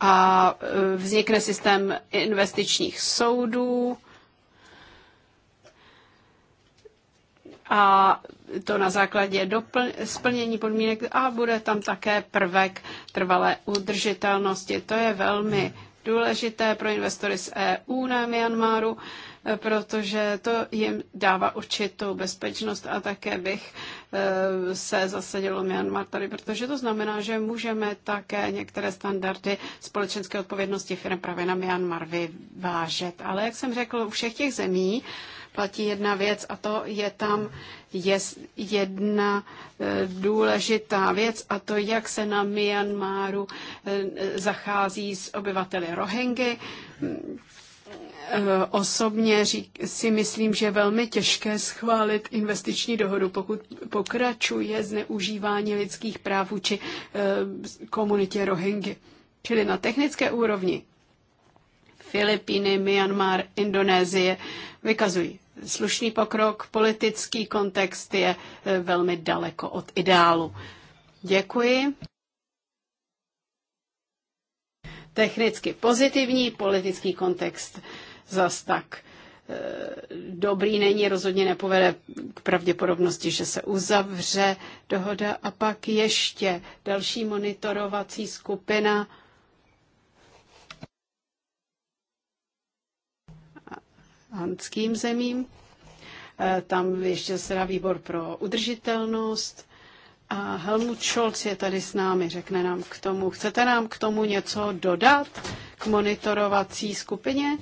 a eh, vznikne systém investičních soudů a to na základě dopl- splnění podmínek a bude tam také prvek trvalé udržitelnosti. To je velmi důležité pro investory z EU na Myanmaru, eh, protože to jim dává určitou bezpečnost a také bych eh, se zasadilo Myanmar tady, protože to znamená, že můžeme také některé standardy společenské odpovědnosti firm právě na Myanmar vyvážet. Ale jak jsem řekl, u všech těch zemí platí jedna věc a to je tam jedna e, důležitá věc a to, jak se na Myanmaru e, zachází s obyvateli Rohingy. E, osobně si myslím, že je velmi těžké schválit investiční dohodu, pokud pokračuje zneužívání lidských práv či komunitě Rohingy. Čili na technické úrovni Filipíny, Myanmar, Indonésie vykazují slušný pokrok, politický kontext je eh, velmi daleko od ideálu. Děkuji. Technicky pozitivní, politický kontext zas tak eh, dobrý není, rozhodně nepovede k pravděpodobnosti, že se uzavře dohoda. A pak ještě další monitorovací skupina hanským zemím. E, tam ještě se výbor pro udržitelnost. A Helmut Scholz je tady s námi, řekne nám k tomu. Chcete nám k tomu něco dodat, k monitorovací skupině?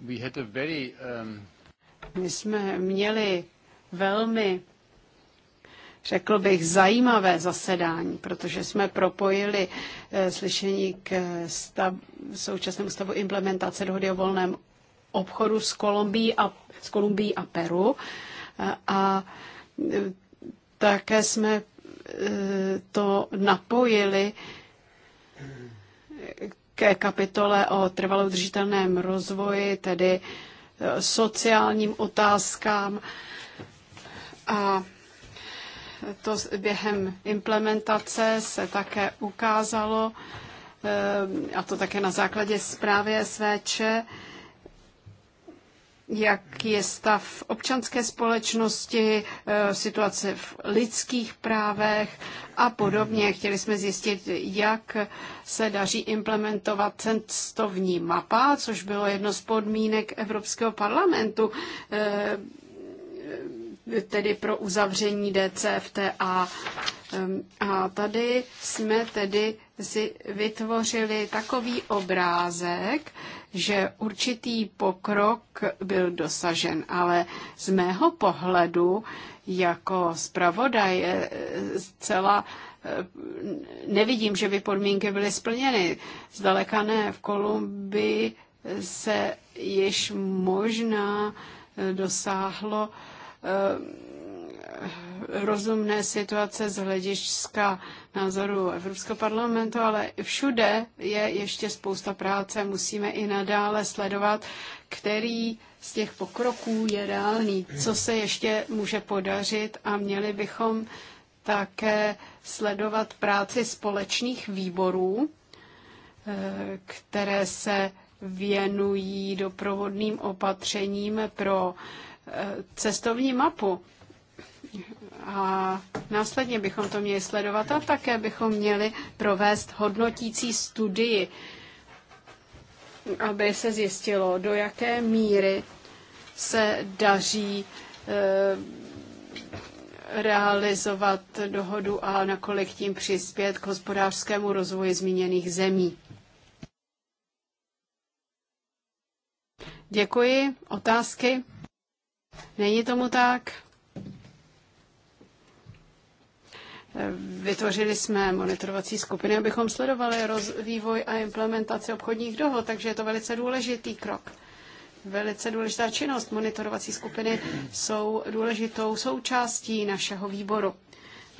We had a very, um... My jsme měli velmi řekl bych, zajímavé zasedání, protože jsme propojili eh, slyšení k stav, současnému stavu implementace dohody o volném obchodu s Kolumbií a, s Kolumbií a Peru. Eh, a, a eh, také jsme to napojili ke kapitole o trvalo udržitelném rozvoji, tedy sociálním otázkám a to během implementace se také ukázalo, eh, a to také na základě zprávy SVČ, jak je stav občanské společnosti, eh, situace v lidských právech a podobně. Chtěli jsme zjistit, jak se daří implementovat cestovní mapa, což bylo jedno z podmínek Evropského parlamentu eh, tedy pro uzavření DCFTA. Ehm, a tady jsme tedy si vytvořili takový obrázek, že určitý pokrok byl dosažen, ale z mého pohledu jako zpravodaj je eh, zcela eh, nevidím, že by podmínky byly splněny. Zdaleka ne. V Kolumbii se již možná eh, dosáhlo uh, Eh, rozumné situace z hlediska názoru Evropského parlamentu, ale všude je ještě spousta práce. Musíme i nadále sledovat, který z těch pokroků je reálný, co se ještě může podařit a měli bychom také sledovat práci společných výborů, eh, které se věnují doprovodným opatřením pro cestovní mapu. A následně bychom to měli sledovat a také bychom měli provést hodnotící studii, aby se zjistilo, do jaké míry se daří eh, realizovat dohodu a nakolik tím přispět k hospodářskému rozvoji zmíněných zemí. Děkuji. Otázky? Není tomu tak. Vytvořili jsme monitorovací skupiny, abychom sledovali vývoj a implementaci obchodních dohod, takže je to velice důležitý krok. Velice důležitá činnost. Monitorovací skupiny jsou důležitou součástí našeho výboru.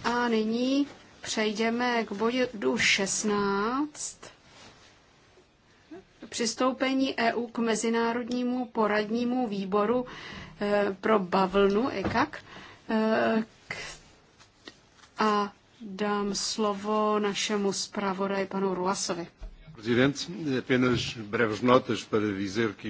A nyní přejdeme k bodu 16. Přistoupení EU k Mezinárodnímu poradnímu výboru Eh, pro bavlnu EKAK. Eh, a dám slovo našemu zpravodaji panu Ruasovi. Presidente, apenas breves notas para dizer que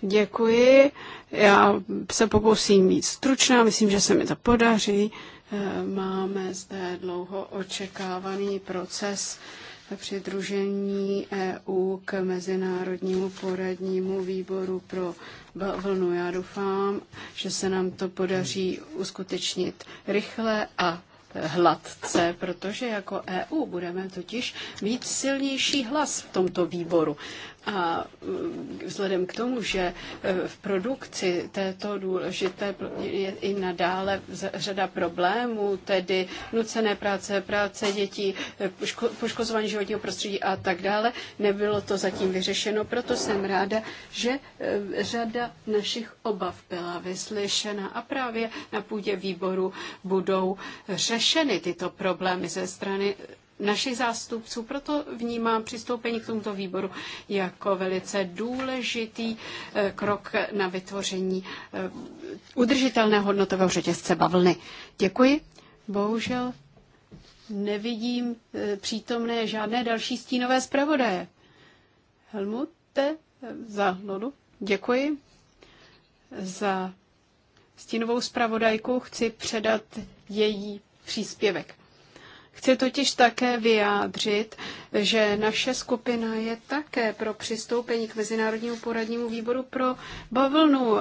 Děkuji. Já se pokusím mít stručná, myslím, že se mi to podaří. Eh, máme zde dlouho očekávaný proces přidružení EU k Mezinárodnímu poradnímu výboru pro bavlnu. Já doufám, že se nám to podaří uskutečnit rychle a hladce, protože jako EU budeme totiž mít silnější hlas v tomto výboru. A vzhledem k tomu, že e, v produkci této důležité je i nadále řada problémů, tedy nucené práce, práce dětí, e, poškozování životního prostředí a tak dále, nebylo to zatím vyřešeno. Proto jsem ráda, že e, řada našich obav byla vyslyšena a právě na půdě výboru budou řešeny tyto problémy ze strany našich zástupců. Proto vnímám přistoupení k tomuto výboru jako velice důležitý eh, krok na vytvoření eh, udržitelné hodnotového řetězce bavlny. Děkuji. Bohužel nevidím eh, přítomné žádné další stínové zpravodaje. Helmute za Lodu. Děkuji za stínovou zpravodajku. Chci předat její příspěvek. Chci totiž také vyjádřit, že naše skupina je také pro přistoupení k Mezinárodnímu poradnímu výboru pro bavlnu.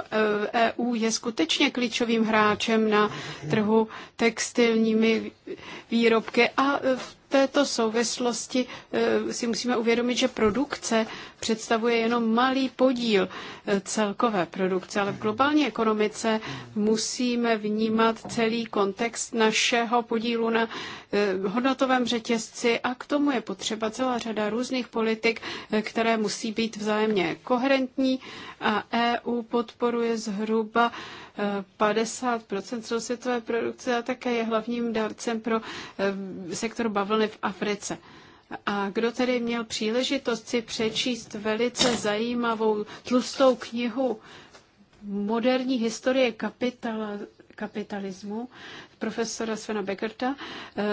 EU e je skutečně klíčovým hráčem na trhu textilními výrobky a v této souvislosti eh, si musíme uvědomit, že produkce představuje jenom malý podíl eh, celkové produkce, ale v globální ekonomice musíme vnímat celý kontext našeho podílu na eh, hodnotovém řetězci a k tomu je potřeba celá řada různých politik, které musí být vzájemně koherentní a EU podporuje zhruba 50 eh, celosvětové produkce a také je hlavním darcem pro eh, sektor bavlny v Africe. A kdo tedy měl příležitost si přečíst velice zajímavou tlustou knihu moderní historie kapitala, kapitalismu profesora Svena Beckerta, eh,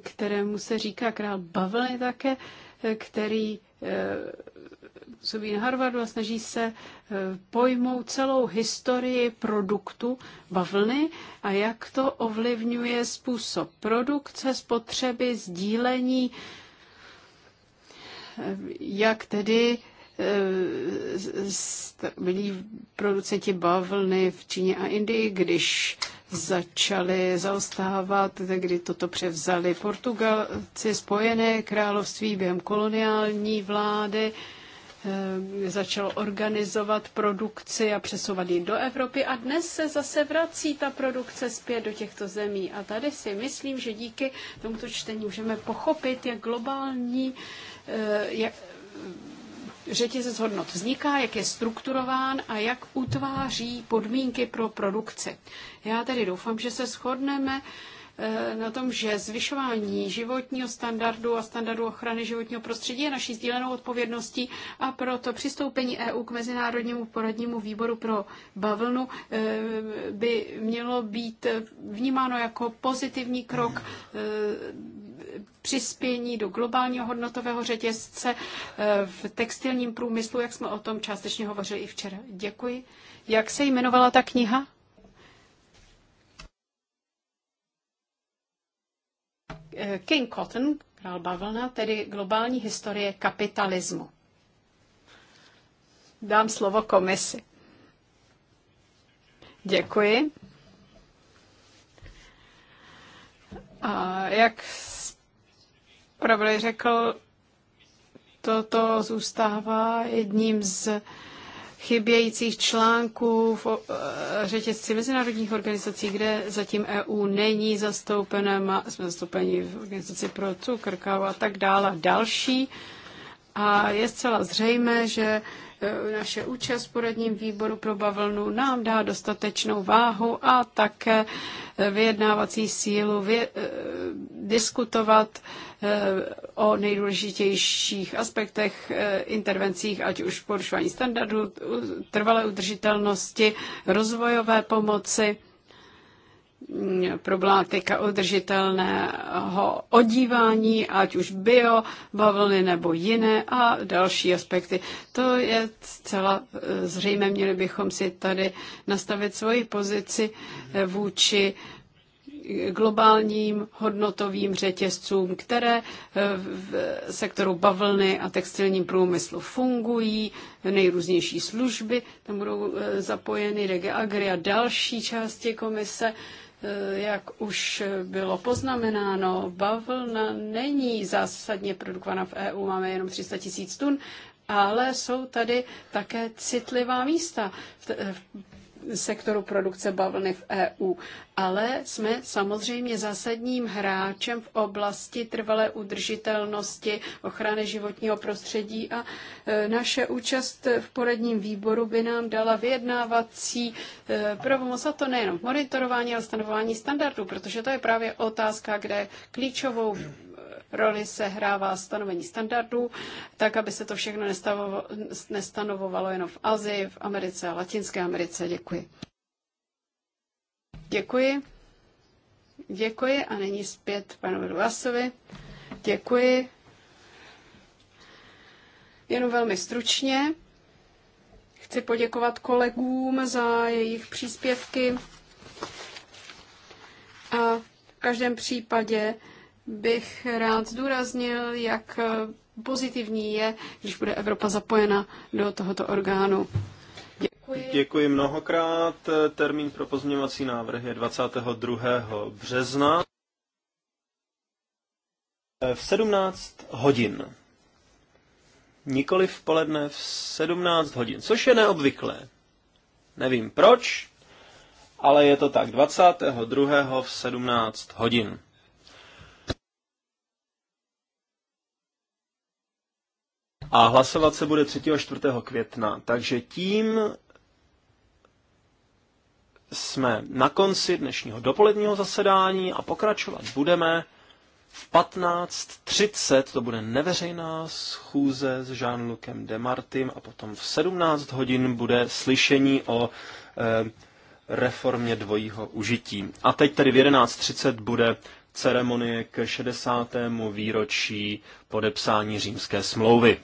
kterému se říká král bavlny také, který působí na Harvardu a snaží se e, pojmout celou historii produktu bavlny a jak to ovlivňuje způsob produkce, spotřeby, sdílení, e, jak tedy byli e, producenti bavlny v Číně a Indii, když začali zaostávat, kdy toto převzali Portugalci, Spojené království během koloniální vlády. Eh, začalo organizovat produkci a přesouvat ji do Evropy a dnes se zase vrací ta produkce zpět do těchto zemí. A tady si myslím, že díky tomuto čtení můžeme pochopit, jak globální eh, jak eh, řetězec hodnot vzniká, jak je strukturován a jak utváří podmínky pro produkci. Já tedy doufám, že se shodneme Eh, na tom, že zvyšování životního standardu a standardu ochrany životního prostředí je naší sdílenou odpovědností a proto přistoupení EU k Mezinárodnímu poradnímu výboru pro bavlnu eh, by mělo být vnímáno jako pozitivní krok eh, přispění do globálního hodnotového řetězce v textilním průmyslu, jak jsme o tom částečně hovořili i včera. Děkuji. Jak se jmenovala ta kniha? Eh, King Cotton, král bavlna, tedy globální historie kapitalismu. Dám slovo komisi. Děkuji. A jak Pravli řekl, toto zůstává jedním z chybějících článků v eh, řetězci mezinárodních organizací, kde zatím EU není zastoupena, jsme zastoupeni v organizaci pro cukr, kávu a tak dále. Další a je zcela zřejmé, že e, naše účast v poradním výboru pro bavlnu nám dá dostatečnou váhu a také e, vyjednávací sílu vě, e, diskutovat o nejdůležitějších aspektech intervencích, ať už porušování standardů, trvalé udržitelnosti, rozvojové pomoci problematika udržitelného odívání, ať už bio, bavlny nebo jiné a další aspekty. To je zcela zřejmé, měli bychom si tady nastavit svoji pozici vůči globálním hodnotovým řetězcům, které v sektoru bavlny a textilním průmyslu fungují, nejrůznější služby, tam budou eh, zapojeny DG Agri a další části komise. Eh, jak už bylo poznamenáno, bavlna není zásadně produkovaná v EU, máme jenom 300 tisíc tun, ale jsou tady také citlivá místa v, sektoru produkce bavlny v EU, ale jsme samozřejmě zásadním hráčem v oblasti trvalé udržitelnosti, ochrany životního prostředí a e, naše účast v poradním výboru by nám dala vyjednávací e, pravomoc a to nejenom v monitorování, ale stanovování standardů, protože to je právě otázka, kde klíčovou roli sehrává stanovení standardů, tak aby se to všechno nestanovovalo jenom v Azii, v Americe a Latinské Americe. Děkuji. Děkuji. Děkuji a nyní zpět panu Vlasovi. Děkuji. Jenom velmi stručně. Chci poděkovat kolegům za jejich příspěvky. A v každém případě bych rád zdůraznil, jak pozitivní je, když bude Evropa zapojena do tohoto orgánu. Děkuji. Děkuji mnohokrát. Termín pro pozměňovací návrh je 22. března v 17 hodin. Nikoli v poledne v 17 hodin, což je neobvyklé. Nevím proč, ale je to tak 22. v 17 hodin. a hlasovat se bude 3. a 4. května. Takže tím jsme na konci dnešního dopoledního zasedání a pokračovat budeme v 15.30, to bude neveřejná schůze s Jean-Lucem Demartym a potom v 17 hodin bude slyšení o e, reformě dvojího užití. A teď tedy v 11.30 bude ceremonie k 60. výročí podepsání římské smlouvy.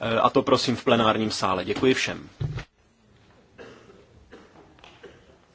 Eh, a to prosím v plenárním sále. Děkuji všem.